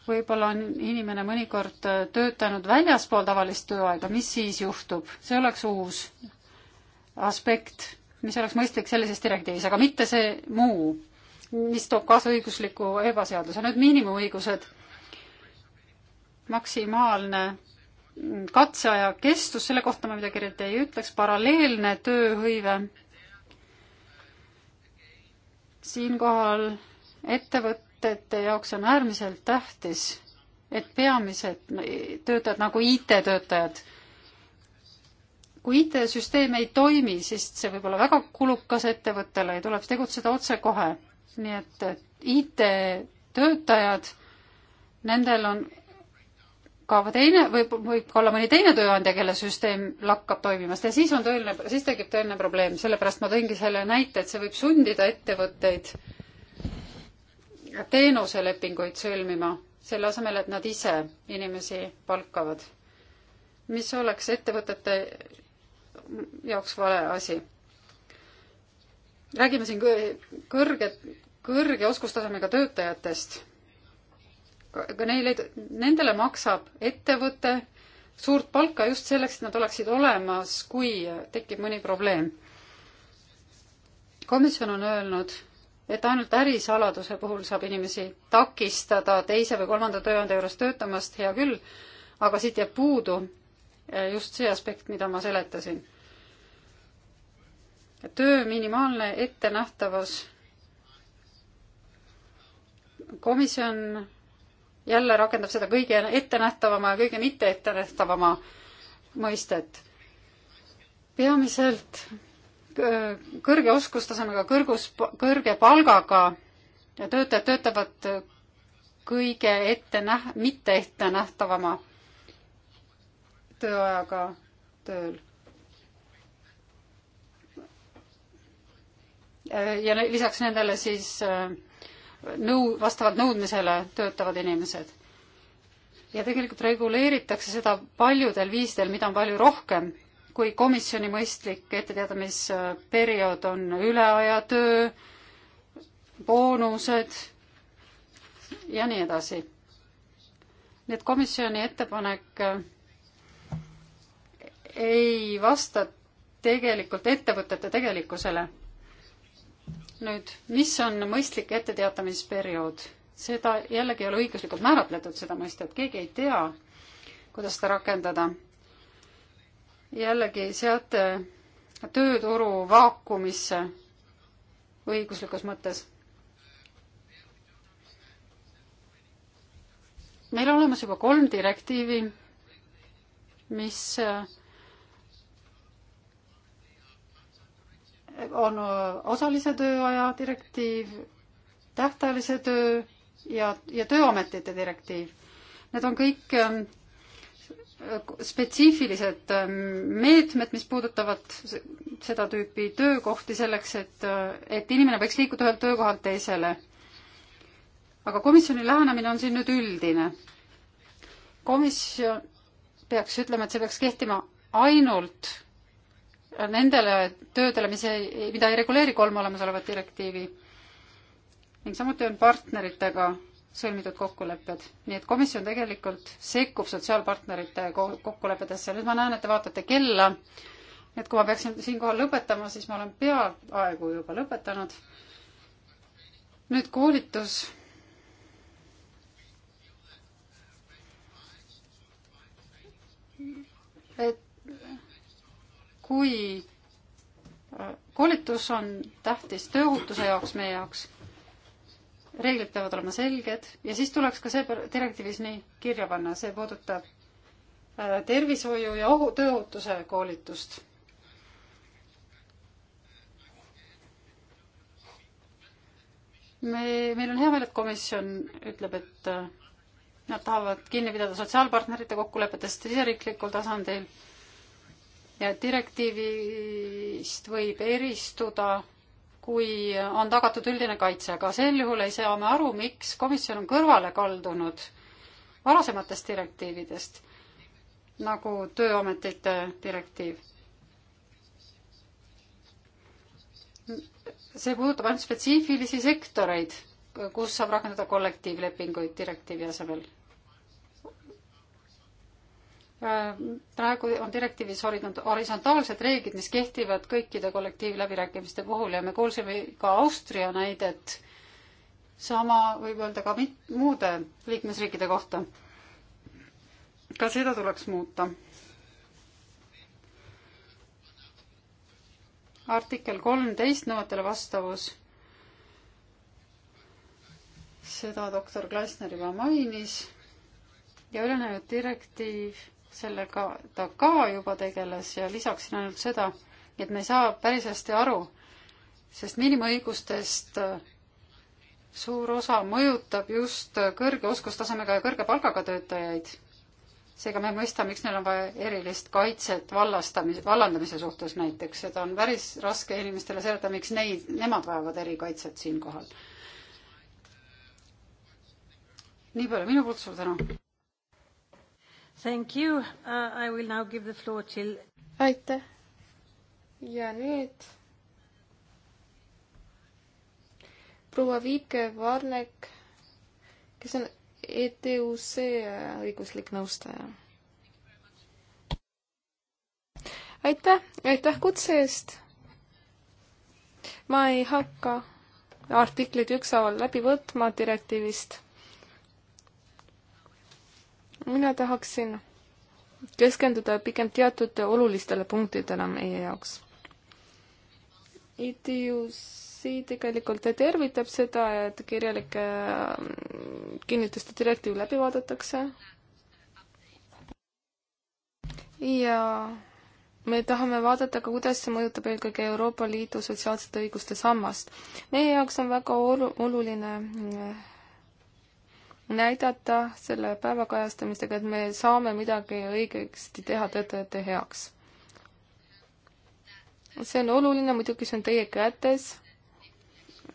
võib-olla on inimene mõnikord töötanud väljaspool tavalist tööaega, mis siis juhtub, see oleks uus aspekt, mis oleks mõistlik sellises direktiivis, aga mitte see muu mis toob kaasa õigusliku ebaseaduse. nüüd miinimumõigused, maksimaalne katseaja kestus, selle kohta ma midagi eriti ei ütleks, paralleelne tööhõive. siinkohal ettevõtete jaoks on äärmiselt tähtis, et peamised töötajad nagu IT-töötajad, kui IT-süsteem ei toimi, siis see võib olla väga kulukas ettevõttele ja tuleb tegutseda otsekohe nii et IT-töötajad, nendel on ka teine, võib, võib ka olla mõni teine tööandja, kelle süsteem lakkab toimimast ja siis on tõeline, siis tekib tõeline probleem, sellepärast ma tõingi selle näite, et see võib sundida ettevõtteid teenuselepinguid sõlmima, selle asemel, et nad ise inimesi palkavad. mis oleks ettevõtete jaoks vale asi? räägime siin kõrget, kõrge oskustasemega töötajatest. ka neile, nendele maksab ettevõte suurt palka just selleks, et nad oleksid olemas, kui tekib mõni probleem. komisjon on öelnud, et ainult ärisaladuse puhul saab inimesi takistada teise või kolmanda tööandja juures töötamast, hea küll, aga siit jääb puudu eh, just see aspekt, mida ma seletasin. töö minimaalne ettenähtavus komisjon jälle rakendab seda kõige ettenähtavama ja kõige mitte ettenähtavama mõistet. peamiselt äh, kõrge oskustasemega, kõrgus, kõrge palgaga ja töötajad töötavad kõige ettenäh-, mitte ettenähtavama tööajaga tööl. ja lisaks nendele siis äh, nõu, vastavalt nõudmisele töötavad inimesed. ja tegelikult reguleeritakse seda paljudel viisidel, mida on palju rohkem, kui komisjoni mõistlik etteteatamisperiood on üleajatöö, boonused ja nii edasi. nii et komisjoni ettepanek ei vasta tegelikult ettevõtete tegelikkusele nüüd, mis on mõistlik etteteatamisperiood? seda jällegi ei ole õiguslikult määratletud, seda mõistet, keegi ei tea, kuidas seda rakendada. jällegi seate tööturu vaakumisse õiguslikus mõttes. meil on olemas juba kolm direktiivi, mis on osalise tööaja direktiiv, tähtajalise töö ja, ja tööametite direktiiv. Need on kõik ähm, spetsiifilised ähm, meetmed, mis puudutavad seda tüüpi töökohti selleks, et, äh, et inimene võiks liikuda ühelt töökohalt teisele. aga komisjoni lähenemine on siin nüüd üldine. komisjon peaks ütlema, et see peaks kehtima ainult nendele töödele, mis ei, mida ei reguleeri kolm olemasolevat direktiivi. ning samuti on partneritega sõlmitud kokkulepped, nii et komisjon tegelikult sekkub sotsiaalpartnerite kokkulepetesse, nüüd ma näen, et te vaatate kella, et kui ma peaksin siinkohal lõpetama, siis ma olen peaaegu juba lõpetanud. nüüd koolitus kui äh, koolitus on tähtis tööohutuse jaoks, meie jaoks, reeglid peavad olema selged ja siis tuleks ka see direktiivis nii kirja panna, see puudutab äh, tervishoiu ja ohu, tööohutuse koolitust me, meil on hea meel, et komisjon ütleb, et äh, nad tahavad kinni pidada sotsiaalpartnerite kokkulepetest siseriiklikul tasandil direktiivist võib eristuda, kui on tagatud üldine kaitse, aga sel juhul ei saa me aru, miks komisjon on kõrvale kaldunud varasematest direktiividest, nagu Tööametite direktiiv. see puudutab ainult spetsiifilisi sektoreid, kus saab rakendada kollektiivlepinguid direktiivi asemel praegu on direktiivis horisontaalsed reeglid, mis kehtivad kõikide kollektiivläbirääkimiste puhul ja me kuulsime ka Austria näidet, sama võib öelda ka mit-, muude liikmesriikide kohta. ka seda tuleks muuta. artikkel kolmteist nõuetele vastavus. seda doktor Glasner juba mainis ja ülejäänud direktiiv sellega ta ka juba tegeles ja lisaksin ainult seda, et me ei saa päris hästi aru, sest miinimumõigustest äh, suur osa mõjutab just äh, kõrge oskustasemega ja kõrge palgaga töötajaid. seega me ei mõista, miks neil on vaja erilist kaitset vallastamise, vallandamise suhtes näiteks, seda on päris raske inimestele seletada, miks neid, nemad vajavad erikaitset siinkohal. nii palju minu poolt, suur tänu! Thank you uh,. I will now give the floor till. aitäh. ja nüüd. proua Viike Varnek, kes on ETUC õiguslik nõustaja. aitäh, aitäh kutse eest. ma ei hakka artikleid ükshaaval läbi võtma direktiivist mina tahaksin keskenduda pigem teatud olulistele punktidele meie jaoks. ITUC tegelikult tervitab seda, et kirjalike mm, kinnituste direktiiv läbi vaadatakse. ja me tahame vaadata ka, kuidas see mõjutab eelkõige Euroopa Liidu sotsiaalsete õiguste sammast. meie jaoks on väga olu-, oluline mm, näidata selle päeva kajastamisega, et me saame midagi õigesti teha töötajate heaks. see on oluline, muidugi see on teie kätes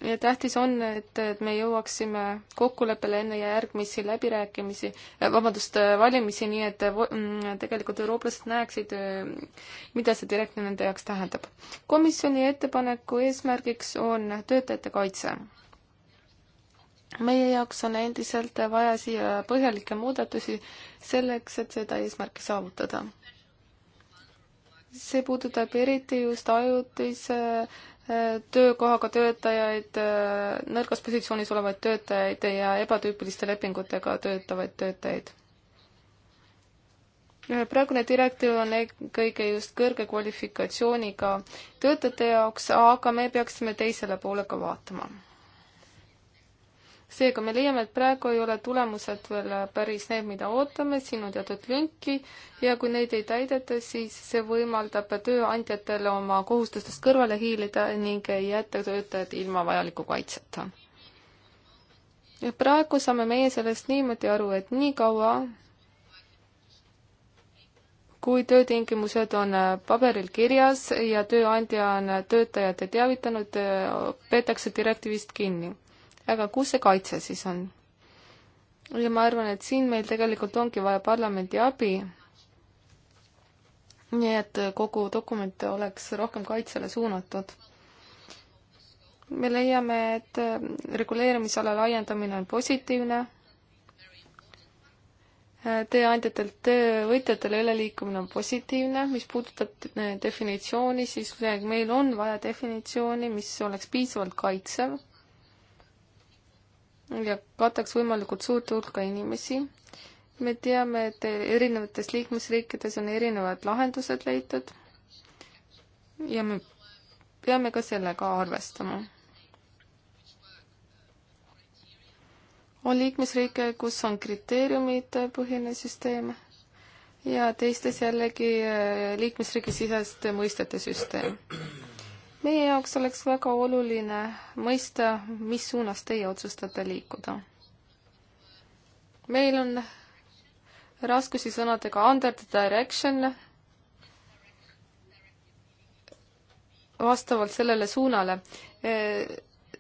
ja tähtis on, et, et me jõuaksime kokkuleppele enne järgmisi läbirääkimisi, äh, vabandust, valimisi, nii et mm, tegelikult eurooplased näeksid, äh, mida see direktiiv nende jaoks tähendab. komisjoni ettepaneku eesmärgiks on töötajate kaitse meie jaoks on endiselt vaja siia põhjalikke muudatusi selleks, et seda eesmärki saavutada. see puudutab eriti just ajutise äh, töökohaga töötajaid, äh, nõrgas positsioonis olevaid töötajaid ja ebatüüpiliste lepingutega töötavaid töötajaid. praegune direktiiv on eelkõige just kõrge kvalifikatsiooniga töötajate jaoks, aga me peaksime teisele poole ka vaatama seega me leiame, et praegu ei ole tulemused veel päris need, mida ootame, siin on teatud lünki ja kui neid ei täideta, siis see võimaldab tööandjatele oma kohustustest kõrvale hiilida ning ei jäta töötajad ilma vajaliku kaitseta. ja praegu saame meie sellest niimoodi aru, et niikaua kui töötingimused on paberil kirjas ja tööandja on töötajate teavitanud, peetakse direktiivist kinni aga kus see kaitse siis on? ja ma arvan, et siin meil tegelikult ongi vaja parlamendi abi, nii et kogu dokument oleks rohkem kaitsele suunatud. me leiame, et reguleerimisala laiendamine on positiivne, tööandjatelt töövõtjatele üleliikumine on positiivne, mis puudutab definitsiooni, siis meil on vaja definitsiooni, mis oleks piisavalt kaitsev ja kataks võimalikult suurt hulka inimesi. me teame, et erinevates liikmesriikides on erinevad lahendused leitud ja me peame ka sellega arvestama. on liikmesriike, kus on kriteeriumite põhine süsteem ja teistes jällegi liikmesriigi siseste mõistete süsteem meie jaoks oleks väga oluline mõista, mis suunas teie otsustate liikuda. meil on raskusi sõnadega under the direction, vastavalt sellele suunale. E,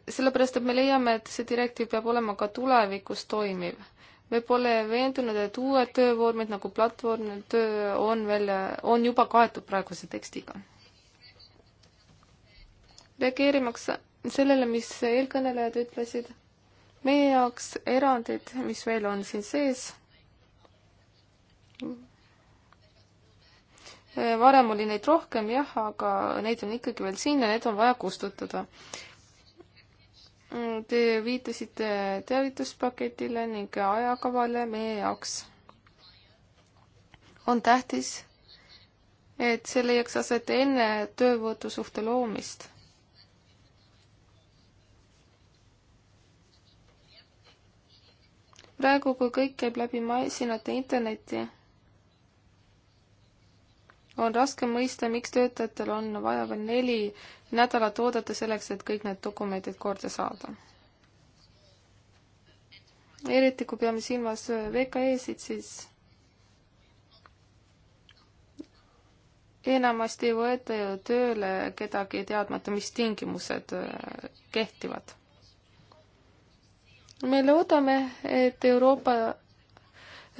sellepärast, et me leiame, et see direktiiv peab olema ka tulevikus toimiv. me pole veendunud, et uued töövormid nagu platvorm, töö on veel, on juba kaetud praeguse tekstiga reageerimaks sellele, mis eelkõnelejad ütlesid, meie jaoks erandid, mis veel on siin sees, varem oli neid rohkem jah, aga neid on ikkagi veel siin ja need on vaja kustutada. Te viitasite teavituspaketile ning ajakavale meie jaoks. on tähtis, et see leiaks aset enne töövõtusuhte loomist praegu, kui kõik käib läbi masinate internetti, on raske mõista, miks töötajatel on vaja veel neli nädalat oodata selleks, et kõik need dokumendid korda saada. eriti, kui peame silmas VKE-sid, siis enamasti ei võeta ju tööle kedagi teadmata, mis tingimused äh, kehtivad me loodame, et Euroopa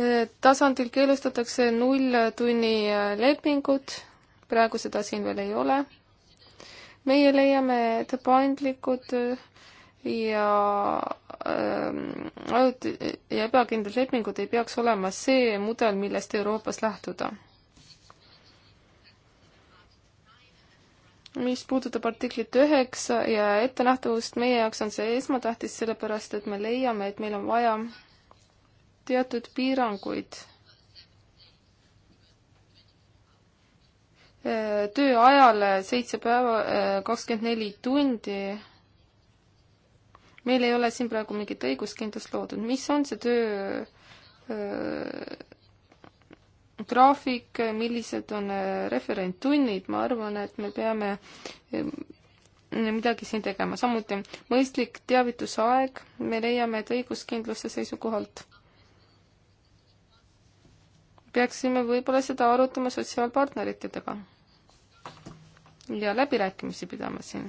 eh, tasandil keelustatakse nulltunni eh, lepingud, praegu seda siin veel ei ole. meie leiame, et paindlikud eh, ja ajut- ja ebakindlad lepingud ei peaks olema see mudel, millest Euroopas lähtuda mis puudutab artiklit üheksa ja ettenähtavust, meie jaoks on see esmatähtis, sellepärast et me leiame, et meil on vaja teatud piiranguid äh, tööajale seitse päeva, äh, kakskümmend neli tundi. meil ei ole siin praegu mingit õiguskindlust loodud, mis on see töö äh, graafik, millised on äh, referenttunnid, ma arvan, et me peame midagi siin tegema, samuti mõistlik teavitusaeg, me leiame, et õiguskindluse seisukohalt peaksime võib-olla seda arutama sotsiaalpartneritega ja läbirääkimisi pidama siin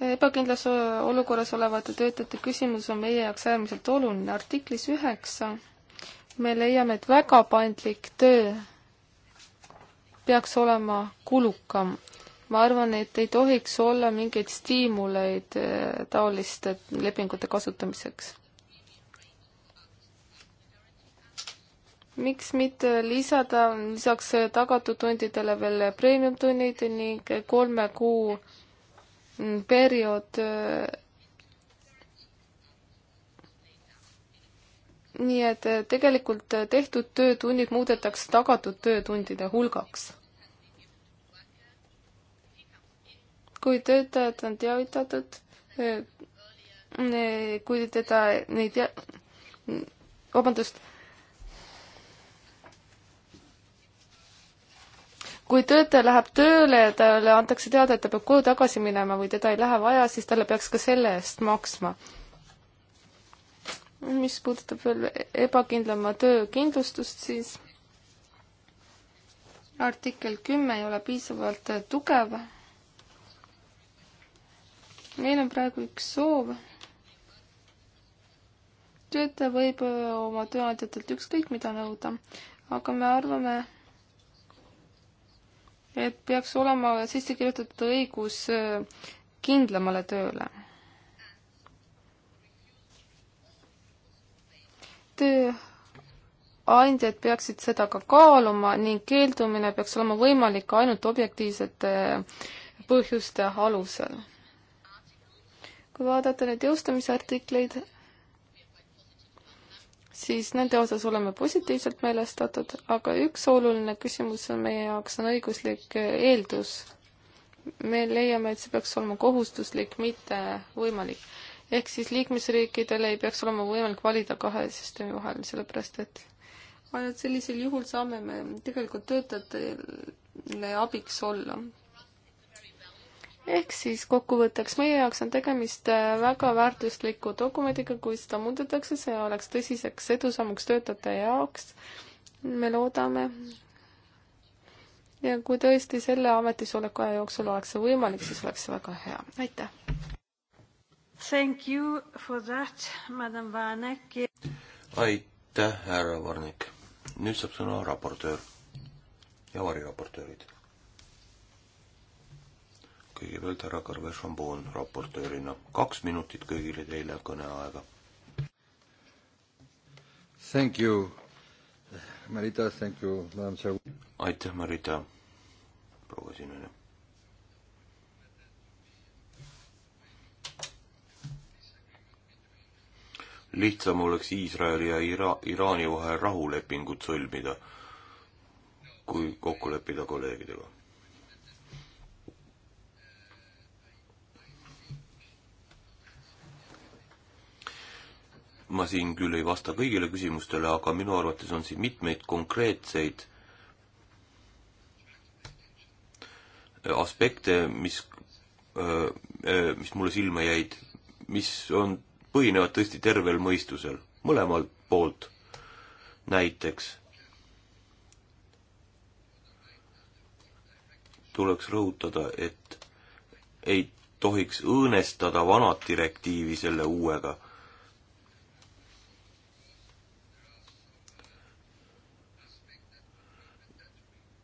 ebakindlas olukorras olevate töötajate küsimus on meie jaoks äärmiselt oluline. artiklis üheksa me leiame, et väga paindlik töö peaks olema kulukam. ma arvan, et ei tohiks olla mingeid stiimuleid eh, taoliste lepingute kasutamiseks. miks mitte lisada lisaks tagatud tundidele veel premium-tunnid ning kolme kuu Mm, periood. Äh, nii et äh, tegelikult äh, tehtud töötunnid muudetakse tagatud töötundide hulgaks. kui töötajad on teavitatud, kui teda neid, vabandust kui töötaja läheb tööle ja talle antakse teada, et ta peab koju tagasi minema või teda ei lähe vaja, siis talle peaks ka selle eest maksma. mis puudutab veel ebakindlama töökindlustust, siis artikkel kümme ei ole piisavalt tugev. meil on praegu üks soov. töötaja võib oma tööandjatelt ükskõik mida nõuda, aga me arvame, et peaks olema sisse kirjutatud õigus äh, kindlamale tööle. tööandjad peaksid seda ka kaaluma ning keeldumine peaks olema võimalik ainult objektiivsete äh, põhjuste alusel. kui vaadata nüüd jõustamise artikleid, siis nende osas oleme positiivselt meelestatud, aga üks oluline küsimus on meie jaoks, on õiguslik eeldus. me leiame, et see peaks olema kohustuslik, mitte võimalik. ehk siis liikmesriikidel ei peaks olema võimalik valida kahe süsteemi vahel, sellepärast et ainult sellisel juhul saame me tegelikult töötajatele abiks olla ehk siis kokkuvõtteks, meie jaoks on tegemist äh, väga väärtusliku dokumendiga, kui seda muudetakse, see oleks tõsiseks edusammuks töötajate jaoks. me loodame. ja kui tõesti selle ametisoleku aja jooksul oleks see võimalik, siis oleks see väga hea. aitäh! Thank you for that, madam Vanek. aitäh, härra Varnik. nüüd saab sõna raportöör ja variraportöörid kõigepealt härra Kõrve Šamboon raportöörina. kaks minutit kõigile teile kõneaega. Thank you, Marita, thank you, madam Tšau. aitäh, Marita, proua Sinine. lihtsam oleks Iisraeli ja Ira-, Iraani vahel rahulepingut sõlmida, kui kokku leppida kolleegidega ma siin küll ei vasta kõigile küsimustele, aga minu arvates on siin mitmeid konkreetseid aspekte, mis, mis mulle silma jäid, mis on, põhinevad tõesti tervel mõistusel, mõlemalt poolt. näiteks tuleks rõhutada, et ei tohiks õõnestada vanat direktiivi selle uuega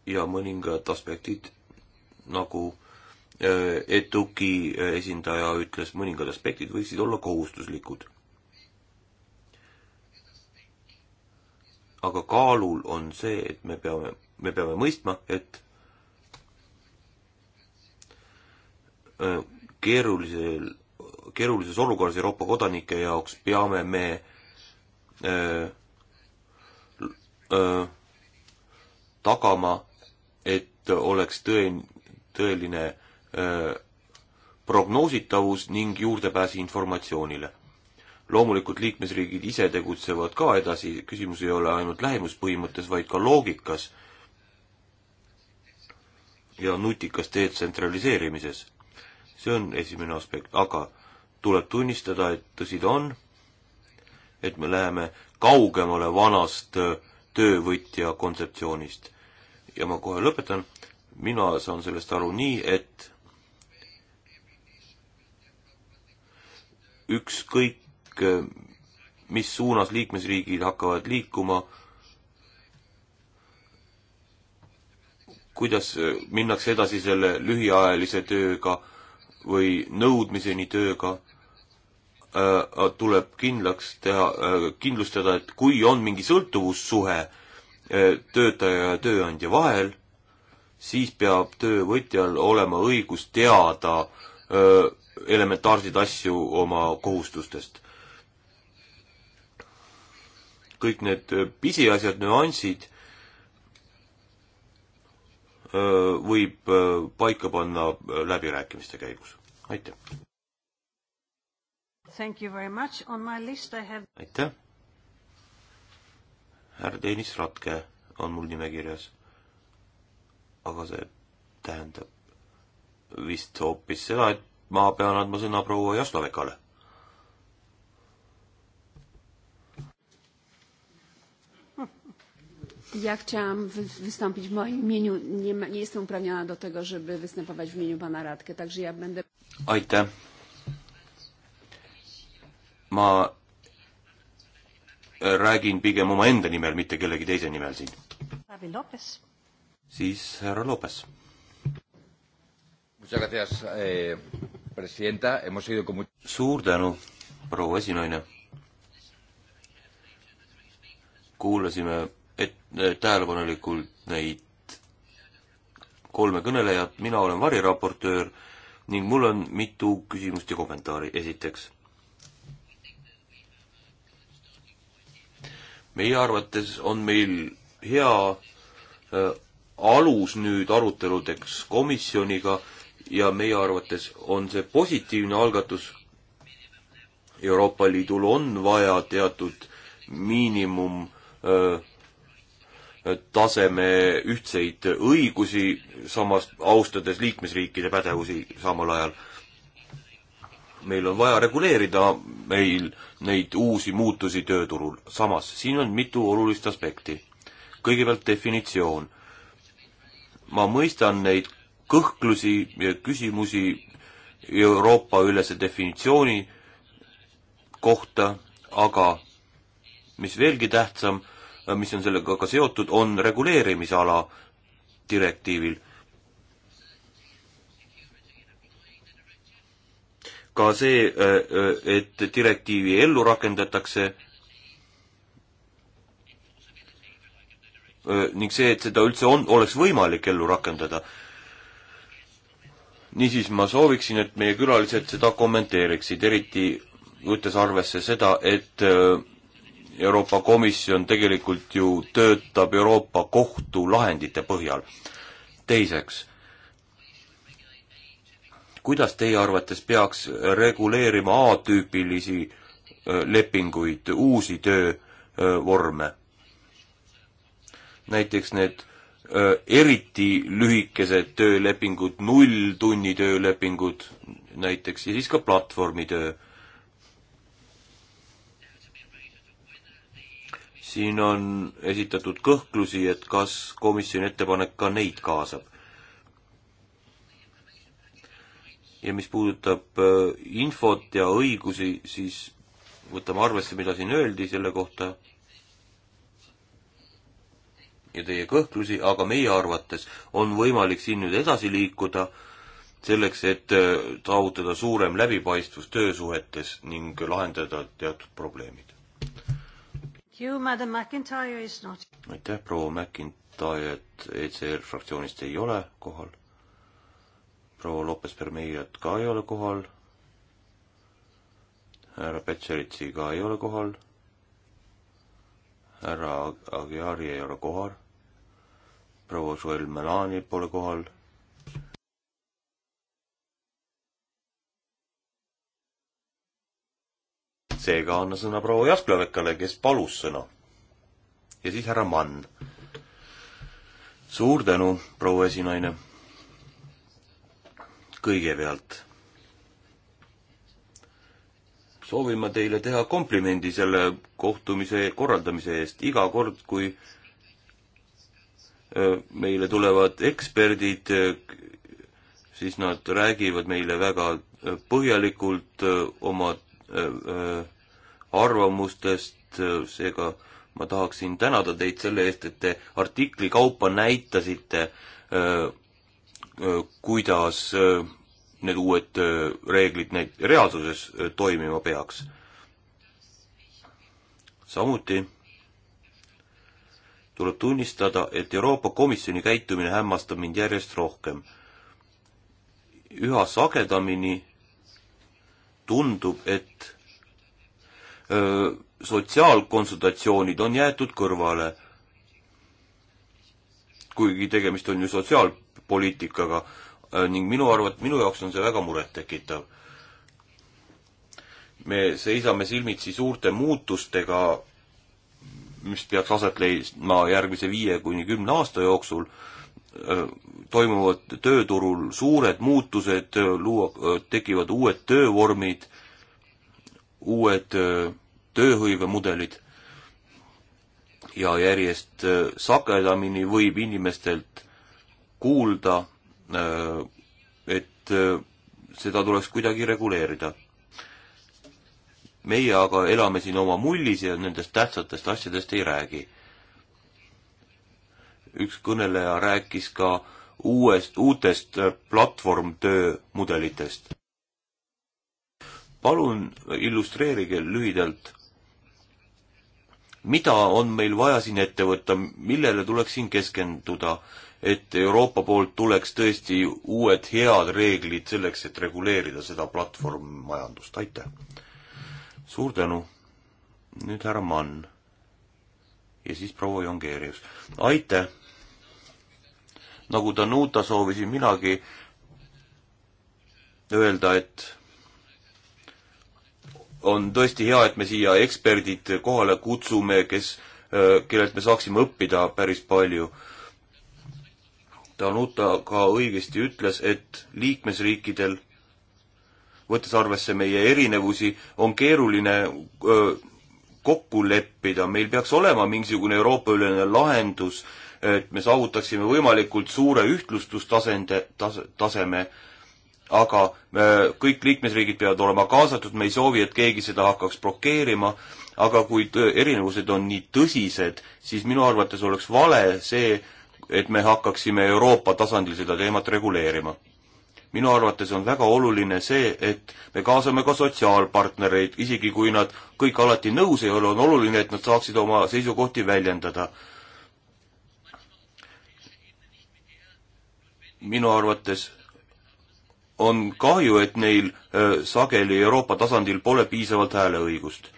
ja mõningad aspektid, nagu äh, Etuki äh, esindaja ütles, mõningad aspektid võiksid olla kohustuslikud. aga kaalul on see, et me peame, me peame mõistma, et äh, keerulisel, keerulises olukorras Euroopa kodanike jaoks peame me öö, öö, tagama et oleks tõen, tõeline öö, prognoositavus ning juurdepääs informatsioonile. loomulikult liikmesriigid ise tegutsevad ka edasi, küsimus ei ole ainult lähimuspõhimõttes, vaid ka loogikas ja nutikas detsentraliseerimises. see on esimene aspekt, aga tuleb tunnistada, et tõsi ta on, et me läheme kaugemale vanast töövõtja kontseptsioonist ja ma kohe lõpetan, mina saan sellest aru nii, et ükskõik, mis suunas liikmesriigid hakkavad liikuma, kuidas minnakse edasi selle lühiajalise tööga või nõudmiseni tööga, äh, tuleb kindlaks teha, äh, kindlustada, et kui on mingi sõltuvussuhe, Eh, töötaja ja tööandja vahel, siis peab töövõtjal olema õigus teada öö, eh, elementaarseid asju oma kohustustest. kõik need eh, pisiasjad, nüansid öö, võib öö, paika panna läbirääkimiste käigus. aitäh! Have... aitäh! härra Deniss Ratke on mul nimekirjas. aga see tähendab vist hoopis seda, et ma pean andma sõna proua Jaslovekale. Ja chciałam wy wystąpić w moim imieniu. Nie, ma, nie jestem uprawniona do tego, żeby występować w imieniu pana Radkę, także ja będę... Aitäh! Ma räägin pigem omaenda nimel, mitte kellegi teise nimel siin. siis härra Lopes. Eh, suur tänu, proua esinaine. kuulasime et-, eh, tähelepanelikult neid kolme kõnelejat, mina olen variraportöör ning mul on mitu küsimust ja kommentaari. esiteks meie arvates on meil hea äh, alus nüüd aruteludeks komisjoniga ja meie arvates on see positiivne algatus. Euroopa Liidul on vaja teatud miinimum öö, äh, taseme ühtseid õigusi, samas austades liikmesriikide pädevusi samal ajal meil on vaja reguleerida meil neid uusi muutusi tööturul. samas, siin on mitu olulist aspekti. kõigepealt definitsioon. ma mõistan neid kõhklusi ja küsimusi Euroopa ülese definitsiooni kohta, aga mis veelgi tähtsam, mis on sellega ka seotud, on reguleerimisala direktiivil ka see, et direktiivi ellu rakendatakse ning see, et seda üldse on, oleks võimalik ellu rakendada. niisiis, ma sooviksin, et meie külalised seda kommenteeriksid, eriti võttes arvesse seda, et Euroopa Komisjon tegelikult ju töötab Euroopa Kohtu lahendite põhjal. teiseks kuidas teie arvates peaks reguleerima A-tüübilisi lepinguid, uusi töövorme? näiteks need eriti lühikesed töölepingud, nulltunni töölepingud näiteks ja siis ka platvormitöö. siin on esitatud kõhklusi, et kas komisjoni ettepanek ka neid kaasab ja mis puudutab äh, infot ja õigusi, siis võtame arvesse, mida siin öeldi selle kohta ja teie kõhklusi, aga meie arvates on võimalik siin nüüd edasi liikuda selleks, et äh, saavutada suurem läbipaistvus töösuhetes ning lahendada teatud probleemid. aitäh, proua McIntyre, et ECR fraktsioonist ei ole kohal proua Lopes Permeiat ka ei ole kohal, härra Petseritsi ka ei ole kohal, härra Agiari ei ole kohal, proua Joel Melani pole kohal seega anna sõna proua Jasklevekale, kes palus sõna. ja siis härra Mann. suur tänu, proua esinaine kõigepealt soovin ma teile teha komplimendi selle kohtumise korraldamise eest. iga kord, kui äh, meile tulevad eksperdid, äh, siis nad räägivad meile väga äh, põhjalikult oma arvamustest, seega ma tahaksin tänada teid selle eest, et te artikli kaupa näitasite Äh, kuidas äh, need uued äh, reeglid neid reaalsuses toimima peaks. samuti tuleb tunnistada, et Euroopa Komisjoni käitumine hämmastab mind järjest rohkem. üha sagedamini tundub, et öö, sotsiaalkonsultatsioonid on jäetud kõrvale. kuigi tegemist on ju sotsiaal- poliitikaga äh, ning minu arvat-, minu jaoks on see väga murettekitav. me seisame silmitsi suurte muutustega, mis peaks aset leidma järgmise viie kuni kümne aasta jooksul, äh, toimuvad tööturul suured muutused, luua, äh, tekivad uued töövormid, uued tööhõivemudelid ja järjest sagedamini võib inimestelt kuulda, äh, et äh, seda tuleks kuidagi reguleerida. meie aga elame siin oma mullis ja nendest tähtsatest asjadest ei räägi. üks kõneleja rääkis ka uuest, uutest äh, platvormtöö mudelitest. palun illustreerige lühidalt, mida on meil vaja siin ette võtta, millele tuleks siin keskenduda et Euroopa poolt tuleks tõesti uued head reeglid selleks, et reguleerida seda platvormmajandust, aitäh! suur tänu! nüüd härra Mann ja siis proua Jongeerius, aitäh! nagu Danuta soovisin minagi öelda, et on tõesti hea, et me siia eksperdid kohale kutsume, kes, äh, kellelt me saaksime õppida päris palju Danuta ka õigesti ütles, et liikmesriikidel, võttes arvesse meie erinevusi, on keeruline öö, kokku leppida, meil peaks olema mingisugune Euroopa-ülene lahendus, et me saavutaksime võimalikult suure ühtlustustasende, tas-, taseme, aga me, kõik liikmesriigid peavad olema kaasatud, me ei soovi, et keegi seda hakkaks blokeerima, aga kui erinevused on nii tõsised, siis minu arvates oleks vale see, et me hakkaksime Euroopa tasandil seda teemat reguleerima. minu arvates on väga oluline see, et me kaasame ka sotsiaalpartnereid, isegi kui nad kõik alati nõus ei ole, on oluline, et nad saaksid oma seisukohti väljendada. minu arvates on kahju, et neil äh, sageli Euroopa tasandil pole piisavalt hääleõigust.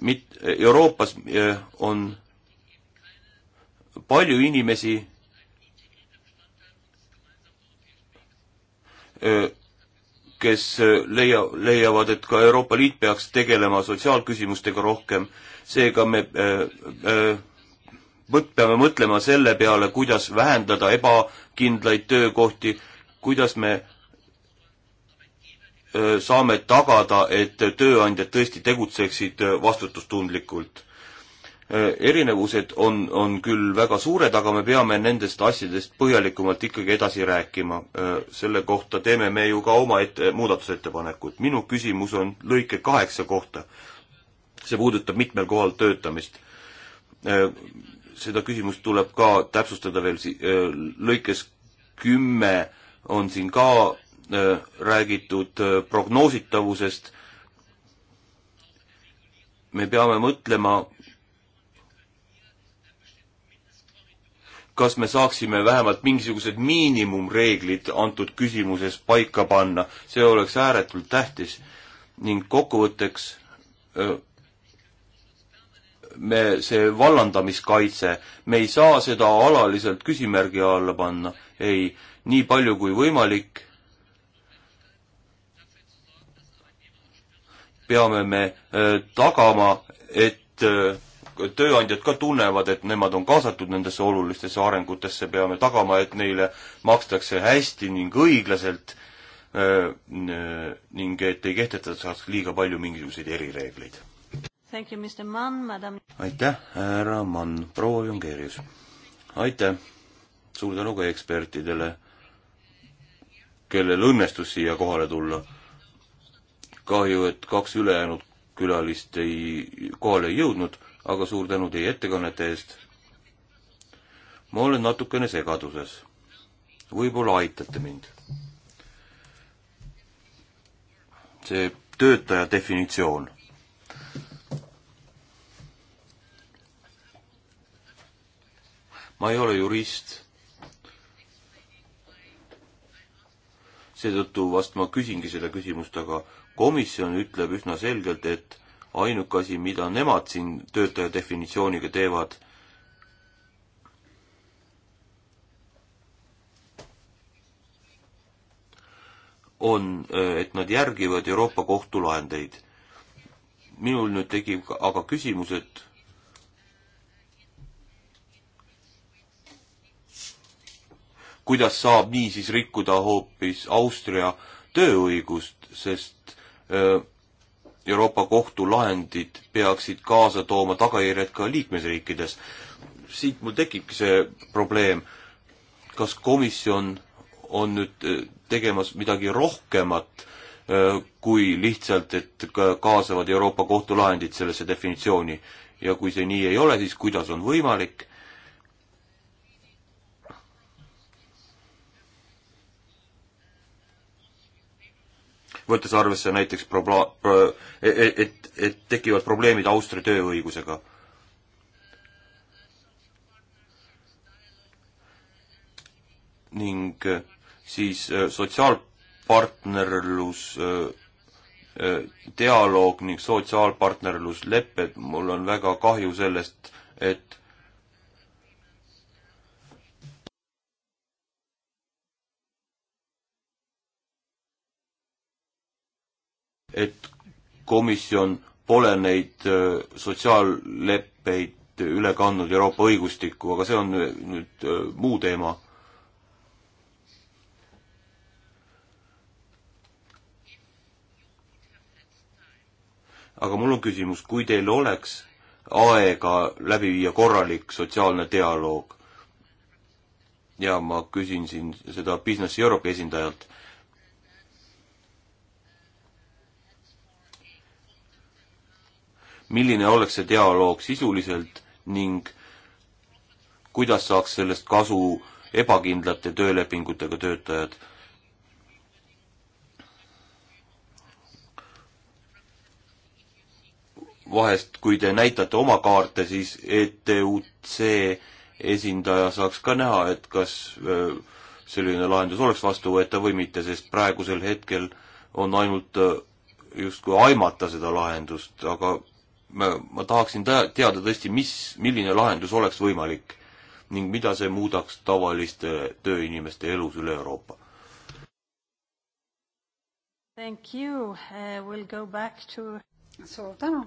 mit-, Euroopas äh, on palju inimesi kes leia-, leiavad, et ka Euroopa Liit peaks tegelema sotsiaalküsimustega rohkem, seega me mõt-, peame mõtlema selle peale, kuidas vähendada ebakindlaid töökohti, kuidas me saame tagada, et tööandjad tõesti tegutseksid vastutustundlikult. Äh, erinevused on, on küll väga suured, aga me peame nendest asjadest põhjalikumalt ikkagi edasi rääkima. Äh, selle kohta teeme me ju ka oma ette, muudatusettepanekud. minu küsimus on lõike kaheksa kohta. see puudutab mitmel kohal töötamist. Äh, seda küsimust tuleb ka täpsustada veel si-, lõikes kümme on siin ka räägitud prognoositavusest, me peame mõtlema kas me saaksime vähemalt mingisugused miinimumreeglid antud küsimuses paika panna, see oleks ääretult tähtis. ning kokkuvõtteks me, see vallandamiskaitse, me ei saa seda alaliselt küsimärgi alla panna, ei, nii palju kui võimalik peame me tagama, et tööandjad ka tunnevad, et nemad on kaasatud nendesse olulistesse arengutesse, peame tagama, et neile makstakse hästi ning õiglaselt äh, ning et ei kehtetataks liiga palju mingisuguseid erireegleid. aitäh, härra Mann, proua Jongeerius. aitäh, suur tänu ka ekspertidele, kellel õnnestus siia kohale tulla. kahju, et kaks ülejäänud külalist ei, kohale ei jõudnud aga suur tänu teie ettekannete eest. ma olen natukene segaduses. võib-olla aitate mind? see töötaja definitsioon. ma ei ole jurist. seetõttu vast ma küsingi seda küsimust, aga komisjon ütleb üsna selgelt, et ainuke asi, mida nemad siin töötaja definitsiooniga teevad, on, äh, et nad järgivad Euroopa Kohtu lahendeid. minul nüüd tekib aga küsimus, et kuidas saab niisiis rikkuda hoopis Austria tööõigust, sest öö, äh, Euroopa Kohtu lahendid peaksid kaasa tooma tagajärjed ka liikmesriikides. siit mul tekibki see probleem, kas komisjon on nüüd eh, tegemas midagi rohkemat eh, kui lihtsalt, et kaasavad Euroopa Kohtu lahendid sellesse definitsiooni ja kui see nii ei ole, siis kuidas on võimalik, võttes arvesse näiteks probla-, et, e-, et, et tekivad probleemid Austria tööõigusega. ning e, siis e, sotsiaalpartnerlus, dialoog ning sotsiaalpartnerluslepped, mul on väga kahju sellest, et et komisjon pole neid äh, sotsiaalleppeid üle kandnud Euroopa õigustikku, aga see on nüüd äh, muu teema. aga mul on küsimus, kui teil oleks aega läbi viia korralik sotsiaalne dialoog ja ma küsin siin seda Business Europe'i esindajalt milline oleks see dialoog sisuliselt ning kuidas saaks sellest kasu ebakindlate töölepingutega töötajad? vahest, kui te näitate oma kaarte, siis ETUC esindaja saaks ka näha, et kas äh, selline lahendus oleks vastuvõetav või mitte, sest praegusel hetkel on ainult äh, justkui aimata seda lahendust, aga ma, ma tahaksin ta-, teada tõesti, mis, milline lahendus oleks võimalik ning mida see muudaks tavaliste tööinimeste elus üle Euroopa. Thank you uh,, we'll go back to suur tänu.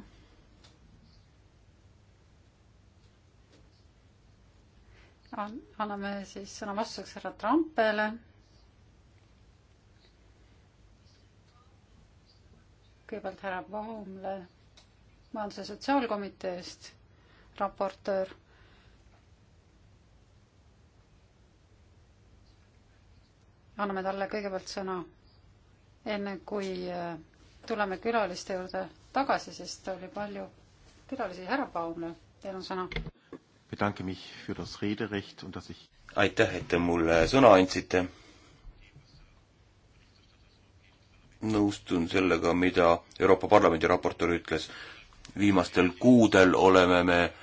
anname siis sõna vastuseks härra Trampele. kõigepealt härra Baumle majanduse sotsiaalkomiteest raportöör. anname talle kõigepealt sõna, enne kui äh, tuleme külaliste juurde tagasi, sest oli palju külalisi. härra Paumla, teil on sõna. aitäh, et te mulle sõna andsite. nõustun sellega, mida Euroopa Parlamendi raportöör ütles viimastel kuudel oleme me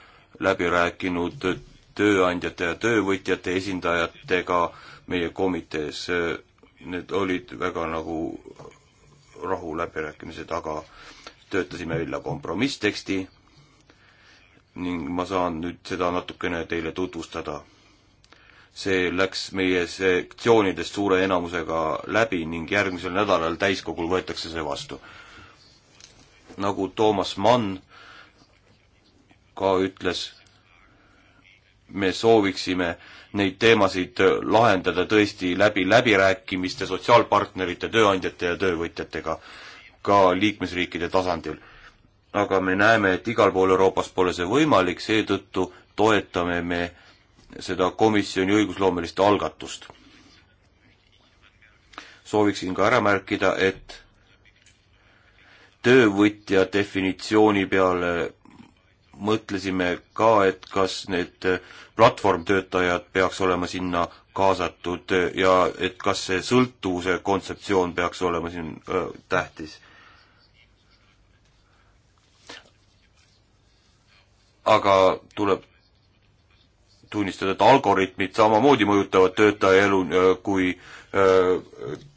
läbi rääkinud tööandjate ja töövõtjate esindajatega meie komitees. Need olid väga nagu rahuläbirääkimised, aga töötasime välja kompromissteksti ning ma saan nüüd seda natukene teile tutvustada. see läks meie sektsioonidest suure enamusega läbi ning järgmisel nädalal täiskogul võetakse see vastu nagu Toomas Mann ka ütles, me sooviksime neid teemasid lahendada tõesti läbi läbirääkimiste sotsiaalpartnerite, tööandjate ja töövõtjatega, ka liikmesriikide tasandil. aga me näeme, et igal pool Euroopas pole see võimalik, seetõttu toetame me seda komisjoni õigusloomelist algatust. sooviksin ka ära märkida, et töövõtja definitsiooni peale mõtlesime ka, et kas need äh, platvormtöötajad peaks olema sinna kaasatud ja et kas see sõltuvuse kontseptsioon peaks olema siin öö, äh, tähtis. aga tuleb tunnistada, et algoritmid samamoodi mõjutavad töötaja elu, äh, kui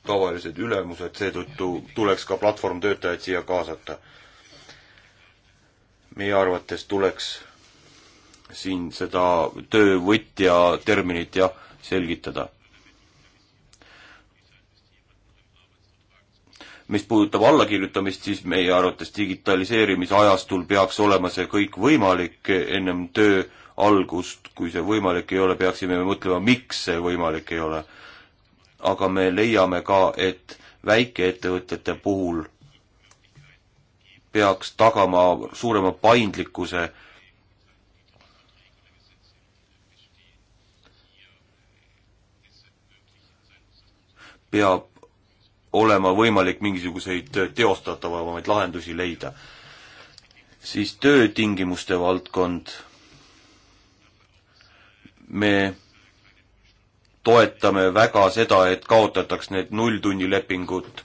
tavalised ülemused, seetõttu tuleks ka platvormtöötajad siia kaasata. meie arvates tuleks siin seda töövõtja terminit jah, selgitada. mis puudutab allakirjutamist, siis meie arvates digitaliseerimise ajastul peaks olema see kõik võimalik ennem töö algust, kui see võimalik ei ole, peaksime mõtlema, miks see võimalik ei ole aga me leiame ka, et väikeettevõtete puhul peaks tagama suurema paindlikkuse peab olema võimalik mingisuguseid teostatavamaid lahendusi leida. siis töötingimuste valdkond, me toetame väga seda, et kaotataks need nulltunnilepingud.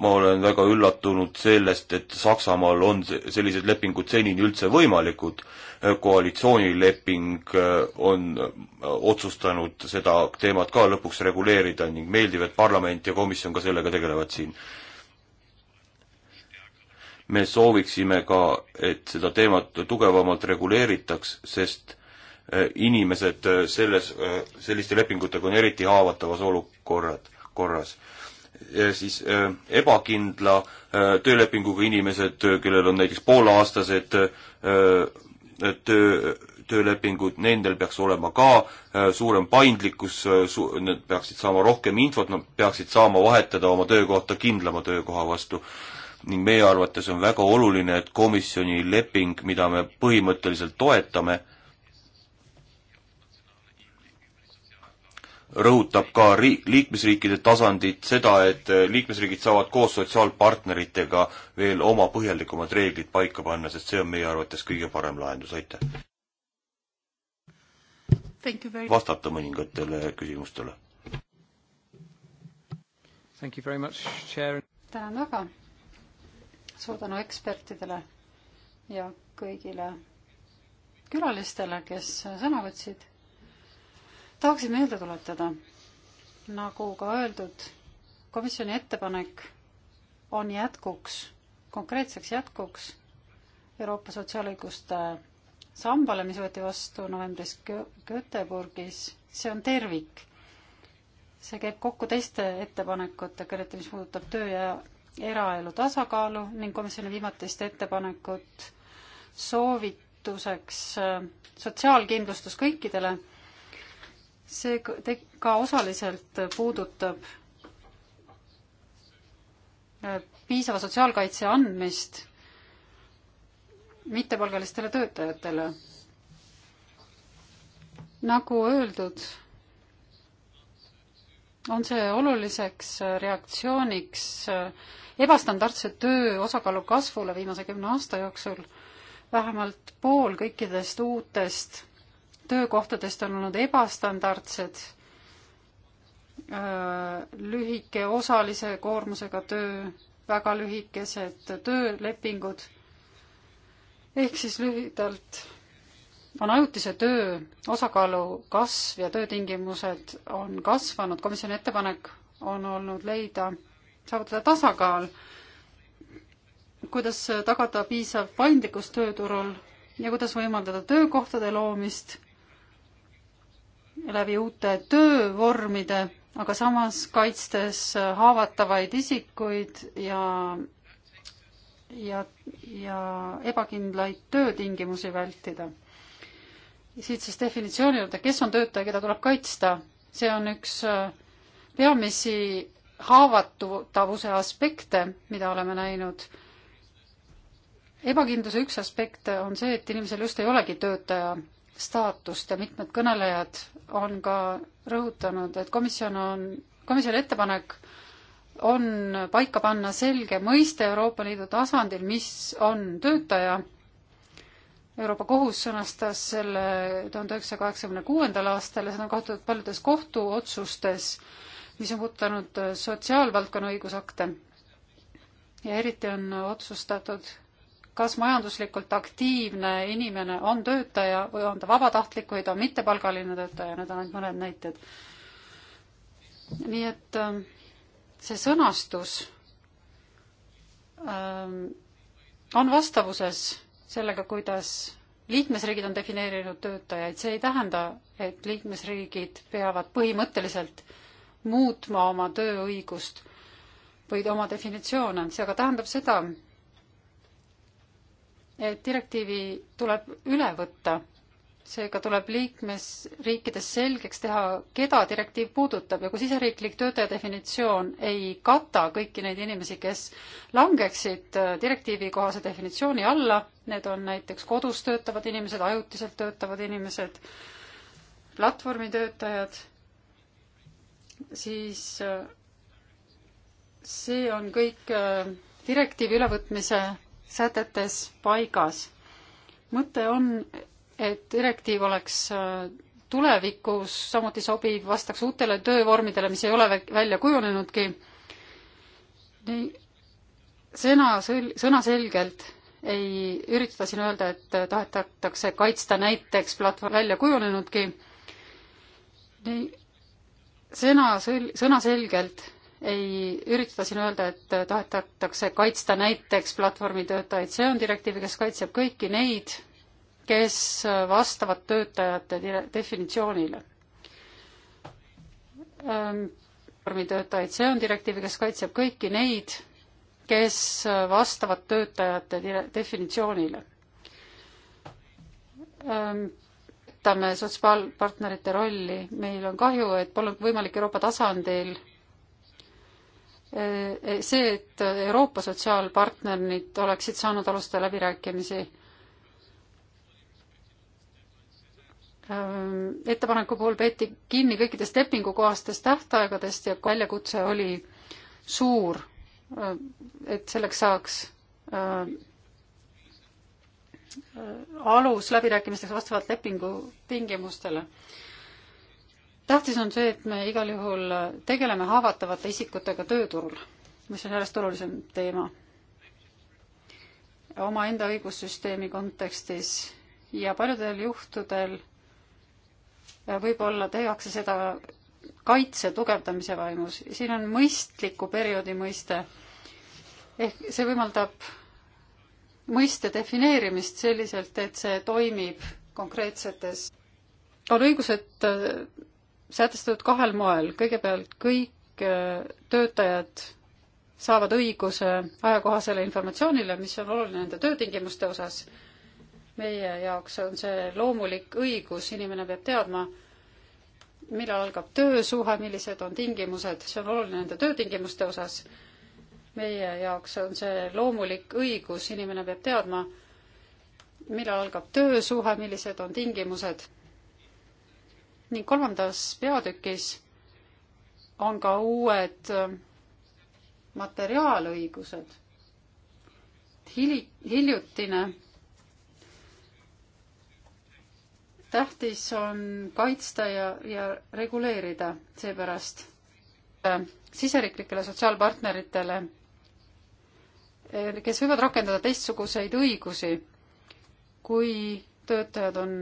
ma olen väga üllatunud sellest, et Saksamaal on sellised lepingud senini üldse võimalikud. koalitsioonileping äh, on äh, otsustanud seda teemat ka lõpuks reguleerida ning meeldiv, et parlament ja komisjon ka sellega tegelevad siin me sooviksime ka, et seda teemat tugevamalt reguleeritaks, sest Eh, inimesed eh, selles, eh, selliste lepingutega on eriti haavatavas olukorrad, korras. siis ebakindla töölepinguga inimesed, kellel on näiteks pooleaastased töö, töölepingud, nendel peaks olema ka suurem paindlikkus su,, nad peaksid saama rohkem infot, nad peaksid saama vahetada oma töökohta kindlama töökoha vastu. ning meie arvates on väga oluline, et komisjoni leping, mida me põhimõtteliselt toetame, rõhutab ka riik, liikmesriikide tasandit seda, et äh, liikmesriigid saavad koos sotsiaalpartneritega veel oma põhjalikumad reeglid paika panna, sest see on meie arvates kõige parem lahendus, aitäh. vastata mõningatele küsimustele. tänan väga. suur tänu ekspertidele ja kõigile külalistele, kes sõna võtsid tahaksin meelde tuletada, nagu ka öeldud, komisjoni ettepanek on jätkuks, konkreetseks jätkuks Euroopa sotsiaalõiguste sambale, mis võeti vastu novembris Göteborgis, see on tervik. see käib kokku teiste ettepanekutega, eriti mis puudutab töö ja eraelu tasakaalu ning komisjoni viimatist ettepanekut soovituseks äh, sotsiaalkindlustus kõikidele see ka osaliselt puudutab äh, piisava sotsiaalkaitse andmist mittepalgalistele töötajatele. nagu öeldud, on see oluliseks äh, reaktsiooniks äh, ebastandardse töö osakaalu kasvule viimase kümne aasta jooksul. vähemalt pool kõikidest uutest töökohtadest on olnud ebastandardsed, äh, lühike osalise koormusega töö, väga lühikesed töölepingud, ehk siis lühidalt on ajutise töö osakaalu kasv ja töötingimused on kasvanud, komisjoni ettepanek on olnud leida, saavutada tasakaal, kuidas tagada piisav paindlikkus tööturul ja kuidas võimaldada töökohtade loomist läbi uute töövormide, aga samas kaitstes haavatavaid isikuid ja ja, ja ebakindlaid töötingimusi vältida. siit siis definitsiooni juurde, kes on töötaja, keda tuleb kaitsta, see on üks äh, peamisi haavatavuse aspekte, mida oleme näinud. ebakindluse üks aspekt on see, et inimesel just ei olegi töötaja staatust ja mitmed kõnelejad on ka rõhutanud, et komisjon on, komisjoni ettepanek on paika panna selge mõiste Euroopa Liidu tasandil, mis on töötaja. Euroopa Kohus sõnastas selle tuhande üheksasaja kaheksakümne kuuendal aastal ja seda on kasutatud paljudes kohtuotsustes, mis on puudutanud sotsiaalvaldkonna õigusakte. ja eriti on otsustatud kas majanduslikult aktiivne inimene on töötaja või on ta vabatahtlik või ta on mittepalgaline töötaja, need on ainult mõned näited. nii et ähm, see sõnastus ähm, on vastavuses sellega, kuidas liikmesriigid on defineerinud töötajaid, see ei tähenda, et liikmesriigid peavad põhimõtteliselt muutma oma tööõigust või oma definitsioone, see aga tähendab seda, Eh, direktiivi tuleb üle võtta, seega tuleb liikmesriikides selgeks teha, keda direktiiv puudutab ja kui siseriiklik töötaja definitsioon ei kata kõiki neid inimesi, kes langeksid eh, direktiivi kohase definitsiooni alla, need on näiteks kodus töötavad inimesed, ajutiselt töötavad inimesed, platvormitöötajad, siis eh, see on kõik direktiivi ülevõtmise sätetes paigas. mõte on, et direktiiv oleks äh, tulevikus samuti sobiv, vastaks uutele töövormidele, mis ei ole välja kujunenudki. nii, sõna, sõnaselgelt ei üritata siin öelda, et tahetakse kaitsta näiteks platvorm välja kujunenudki. nii, sõna, sõnaselgelt ei üritada siin öelda, et tahetakse kaitsta näiteks platvormitöötajaid, see on direktiiv, kes kaitseb kõiki neid, kes vastavad töötajate definitsioonile. Ähm, platvormitöötajaid, see on direktiiv, kes kaitseb kõiki neid, kes vastavad töötajate definitsioonile. Ähm, võtame sotsiaalpartnerite rolli, meil on kahju, et polnud võimalik Euroopa tasandil Äh, äh, see, et Euroopa sotsiaalpartnerid oleksid saanud alustada läbirääkimisi ähm, ettepaneku puhul peeti kinni kõikidest lepingukohastest tähtaegadest ja väljakutse oli suur, äh, et selleks saaks alus läbirääkimisteks vastavalt lepingu tingimustele tähtis on see, et me igal juhul tegeleme haavatavate isikutega tööturul, mis on järjest olulisem teema omaenda õigussüsteemi kontekstis ja paljudel juhtudel võib-olla tehakse seda kaitse tugevdamise vaimus. siin on mõistliku perioodi mõiste. ehk see võimaldab mõiste defineerimist selliselt, et see toimib konkreetsetes, on õigused sätestatud kahel moel. kõigepealt kõik äh, töötajad saavad õiguse ajakohasele informatsioonile, mis on oluline nende töötingimuste osas. meie jaoks on see loomulik õigus, inimene peab teadma, millal algab töösuhe, millised on tingimused, see on oluline nende töötingimuste osas. meie jaoks on see loomulik õigus, inimene peab teadma, millal algab töösuhe, millised on tingimused ning kolmandas peatükis on ka uued äh, materiaalõigused. Hili-, hiljutine tähtis on kaitsta ja, ja reguleerida seepärast äh, siseriiklikele sotsiaalpartneritele, äh, kes võivad rakendada teistsuguseid õigusi, kui töötajad on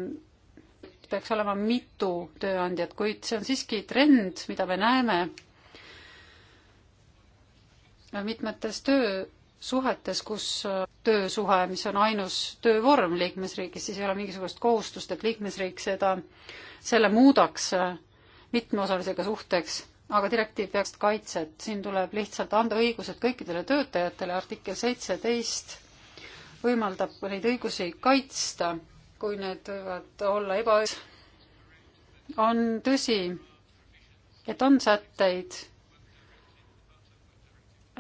peaks olema mitu tööandjat, kuid see on siiski trend, mida me näeme mitmetes töösuhetes, kus töösuhe, mis on ainus töövorm liikmesriigis, siis ei ole mingisugust kohustust, et liikmesriik seda, selle muudaks mitmeosalisega suhteks, aga direktiiv peaks kaitset, siin tuleb lihtsalt anda õigused kõikidele töötajatele, artikkel seitseteist võimaldab neid õigusi kaitsta kui need võivad olla ebaõiged. on tõsi, et on sätteid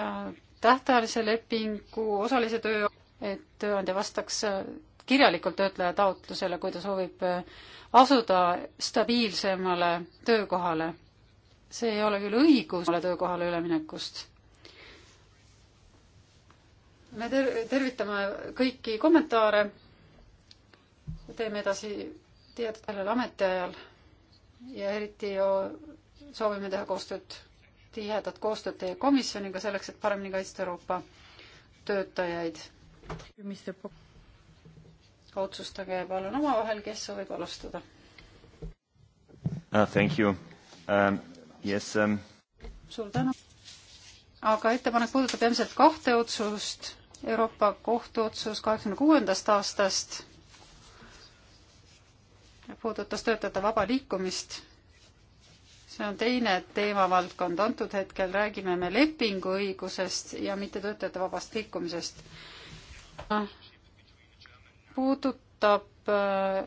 äh, tähtajalise lepingu osalise töö, et tööandja vastaks äh, kirjalikult töötleja taotlusele, kui ta soovib äh, asuda stabiilsemale töökohale. see ei ole küll õigus töökohale üleminekust me ter-, tervitame kõiki kommentaare teeme edasi teatud sellel ametiajal ja eriti ju soovime teha koostööd, tihedat koostööd teie komisjoniga selleks, et paremini kaitsta Euroopa töötajaid. otsustage palun omavahel, kes soovib alustada uh,. Thank you um,. Yes um.... suur tänu. aga ettepanek puudutab ilmselt kahte otsust. Euroopa Kohtu otsus kaheksakümne kuuendast aastast puudutas töötajate vaba liikumist. see on teine teemavaldkond, antud hetkel räägime me lepinguõigusest ja mitte töötajate vabast liikumisest. puudutab äh,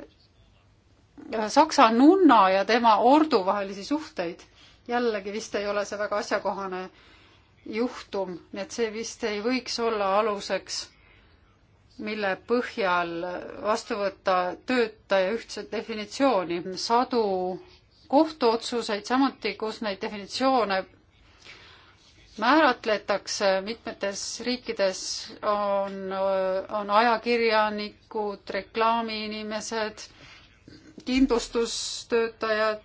Saksa nunna ja tema ordu vahelisi suhteid. jällegi vist ei ole see väga asjakohane juhtum, nii et see vist ei võiks olla aluseks mille põhjal vastu võtta töötaja ühtset definitsiooni, sadu kohtuotsuseid samuti, kus neid definitsioone määratletakse, mitmetes riikides on, on ajakirjanikud, reklaamiinimesed, kindlustustöötajad,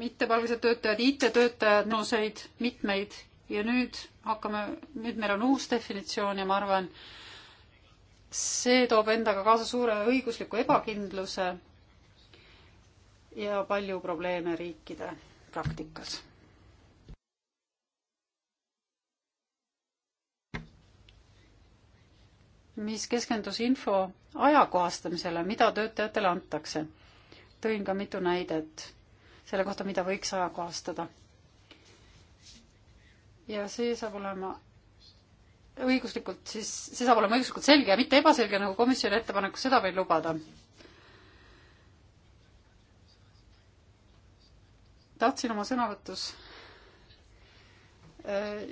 mittepalgalised töötajad, IT-töötajad, nõuseid mitmeid ja nüüd hakkame, nüüd meil on uus definitsioon ja ma arvan, see toob endaga kaasa suure õigusliku ebakindluse ja palju probleeme riikide praktikas. mis keskendus info ajakohastamisele, mida töötajatele antakse. tõin ka mitu näidet selle kohta, mida võiks ajakohastada. ja see saab olema õiguslikult, siis see saab olema õiguslikult selge ja mitte ebaselge, nagu komisjoni ettepanekus seda võib lubada. tahtsin oma sõnavõtus äh,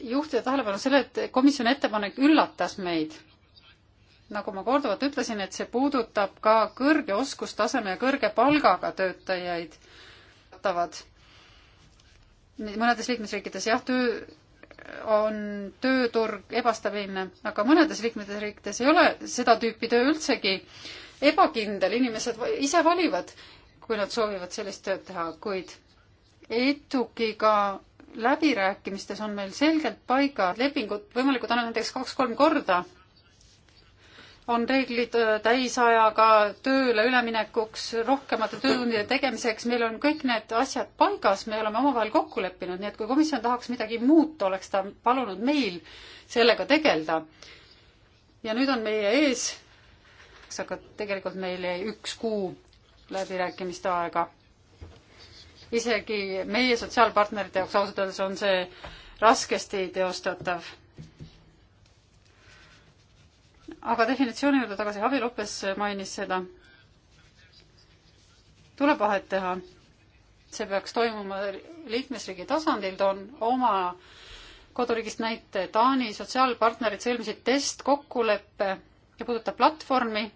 juhtida tähelepanu sellele, et komisjoni ettepanek üllatas meid. nagu ma korduvalt ütlesin, et see puudutab ka kõrge oskustaseme ja kõrge palgaga töötajaid. mõnedes liikmesriikides jah, töö on tööturg ebastabiilne, aga mõnedes liikmesriikides ei ole seda tüüpi töö üldsegi ebakindel, inimesed ise valivad, kui nad soovivad sellist tööd teha, kuid edukiga läbirääkimistes on meil selgelt paigas lepingud võimalikud ainult näiteks kaks-kolm korda on reeglid äh, täisajaga tööle üleminekuks, rohkemate töötundide tegemiseks, meil on kõik need asjad paigas, me oleme omavahel kokku leppinud, nii et kui komisjon tahaks midagi muuta, oleks ta palunud meil sellega tegeleda. ja nüüd on meie ees, eks aga tegelikult meil jäi üks kuu läbirääkimiste aega. isegi meie sotsiaalpartnerite jaoks ausalt öeldes on see raskesti teostatav aga definitsiooni juurde tagasi, Javi Lopes mainis seda. tuleb vahet teha. see peaks toimuma liikmesriigi tasandil, toon oma koduriigist näite, Taani sotsiaalpartnerid sõlmisid testkokkuleppe ja puudutab platvormi.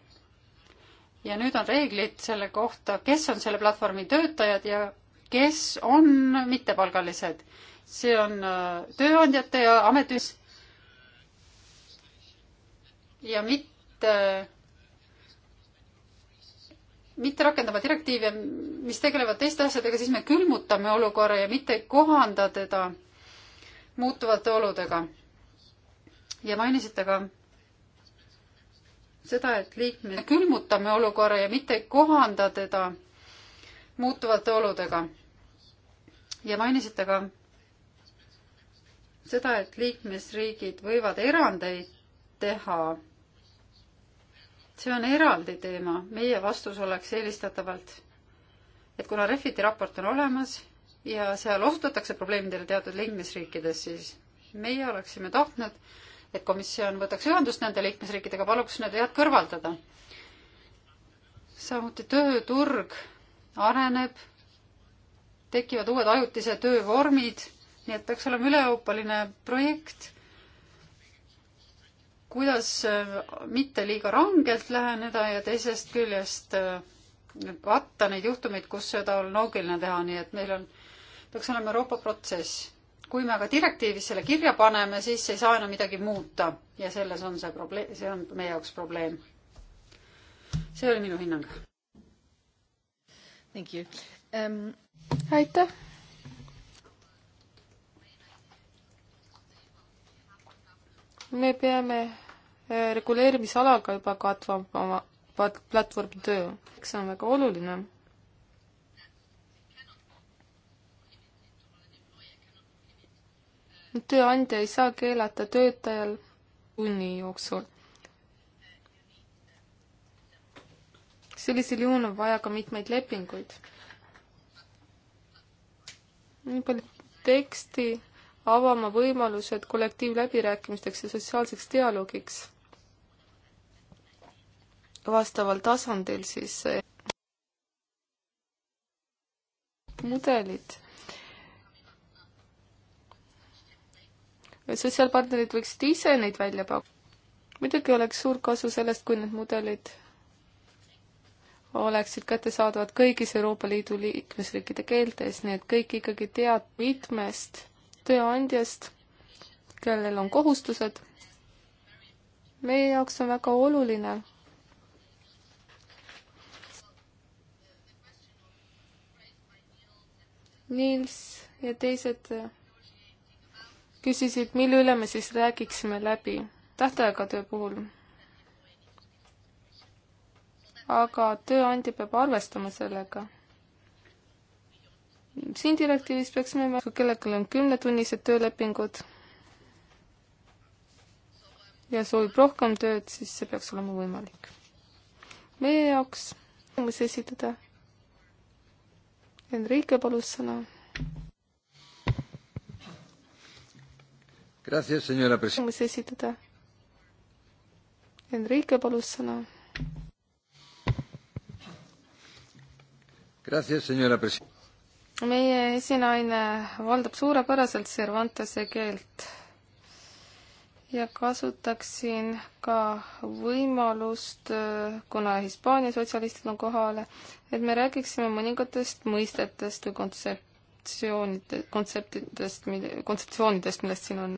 ja nüüd on reeglid selle kohta, kes on selle platvormi töötajad ja kes on mittepalgalised. see on äh, tööandjate ja ametiühingute ja mitte, mitte rakendama direktiive, mis tegelevad teiste asjadega, siis me külmutame olukorra ja mitte ei kohanda teda muutuvate oludega. ja mainisite ka seda, et liikme, külmutame olukorra ja mitte ei kohanda teda muutuvate oludega. ja mainisite ka seda, et liikmesriigid võivad erandeid teha see on eraldi teema, meie vastus oleks eelistatavalt, et kuna Refiti raport on olemas ja seal osutatakse probleemidele teatud liikmesriikides, siis meie oleksime tahtnud, et komisjon võtaks ühendust nende liikmesriikidega, paluks need vead kõrvaldada. samuti tööturg areneb, tekivad uued ajutise töö vormid, nii et peaks olema üle-euroopaline projekt kuidas äh, mitte liiga rangelt läheneda ja teisest küljest katta äh, neid juhtumeid, kus seda on loogiline teha, nii et meil on, peaks olema Euroopa protsess. kui me aga direktiivis selle kirja paneme, siis ei saa enam midagi muuta ja selles on see probleem, see on meie jaoks probleem. see oli minu hinnang. Thank you um.... aitäh me peame äh, reguleerimisalaga juba katva oma platvormi töö, eks see on väga oluline. tööandja ei saa keelata töötajal tunni jooksul. sellisel juhul on vaja ka mitmeid lepinguid. nii palju teksti avama võimalused kollektiivläbirääkimisteks ja sotsiaalseks dialoogiks vastaval tasandil siis eh, mudelid. sotsiaalpartnerid võiksid ise neid välja pakkuda. muidugi oleks suur kasu sellest, kui need mudelid oleksid kättesaadavad kõigis Euroopa Liidu liikmesriikide keeltes, nii et kõik ikkagi tead mitmest tööandjast, kellel on kohustused. meie jaoks on väga oluline Nils ja teised küsisid, mille üle me siis räägiksime läbi tähtaega töö puhul. aga tööandja peab arvestama sellega siin direktiivis peaksime me, kui kellelgi on kümnetunnised töölepingud ja soovib rohkem tööd, siis see peaks olema võimalik. meie jaoks võime esitada. Enrique palus sõna. võime esitada. Enrique palus sõna. Gracias, señora presidenta meie esinaine valdab suurepäraselt Cervantese keelt ja kasutaksin ka võimalust, kuna Hispaania sotsialistid on kohale, et me räägiksime mõningatest mõistetest või kontseptsioonide, kontseptidest, kontseptsioonidest, millest siin on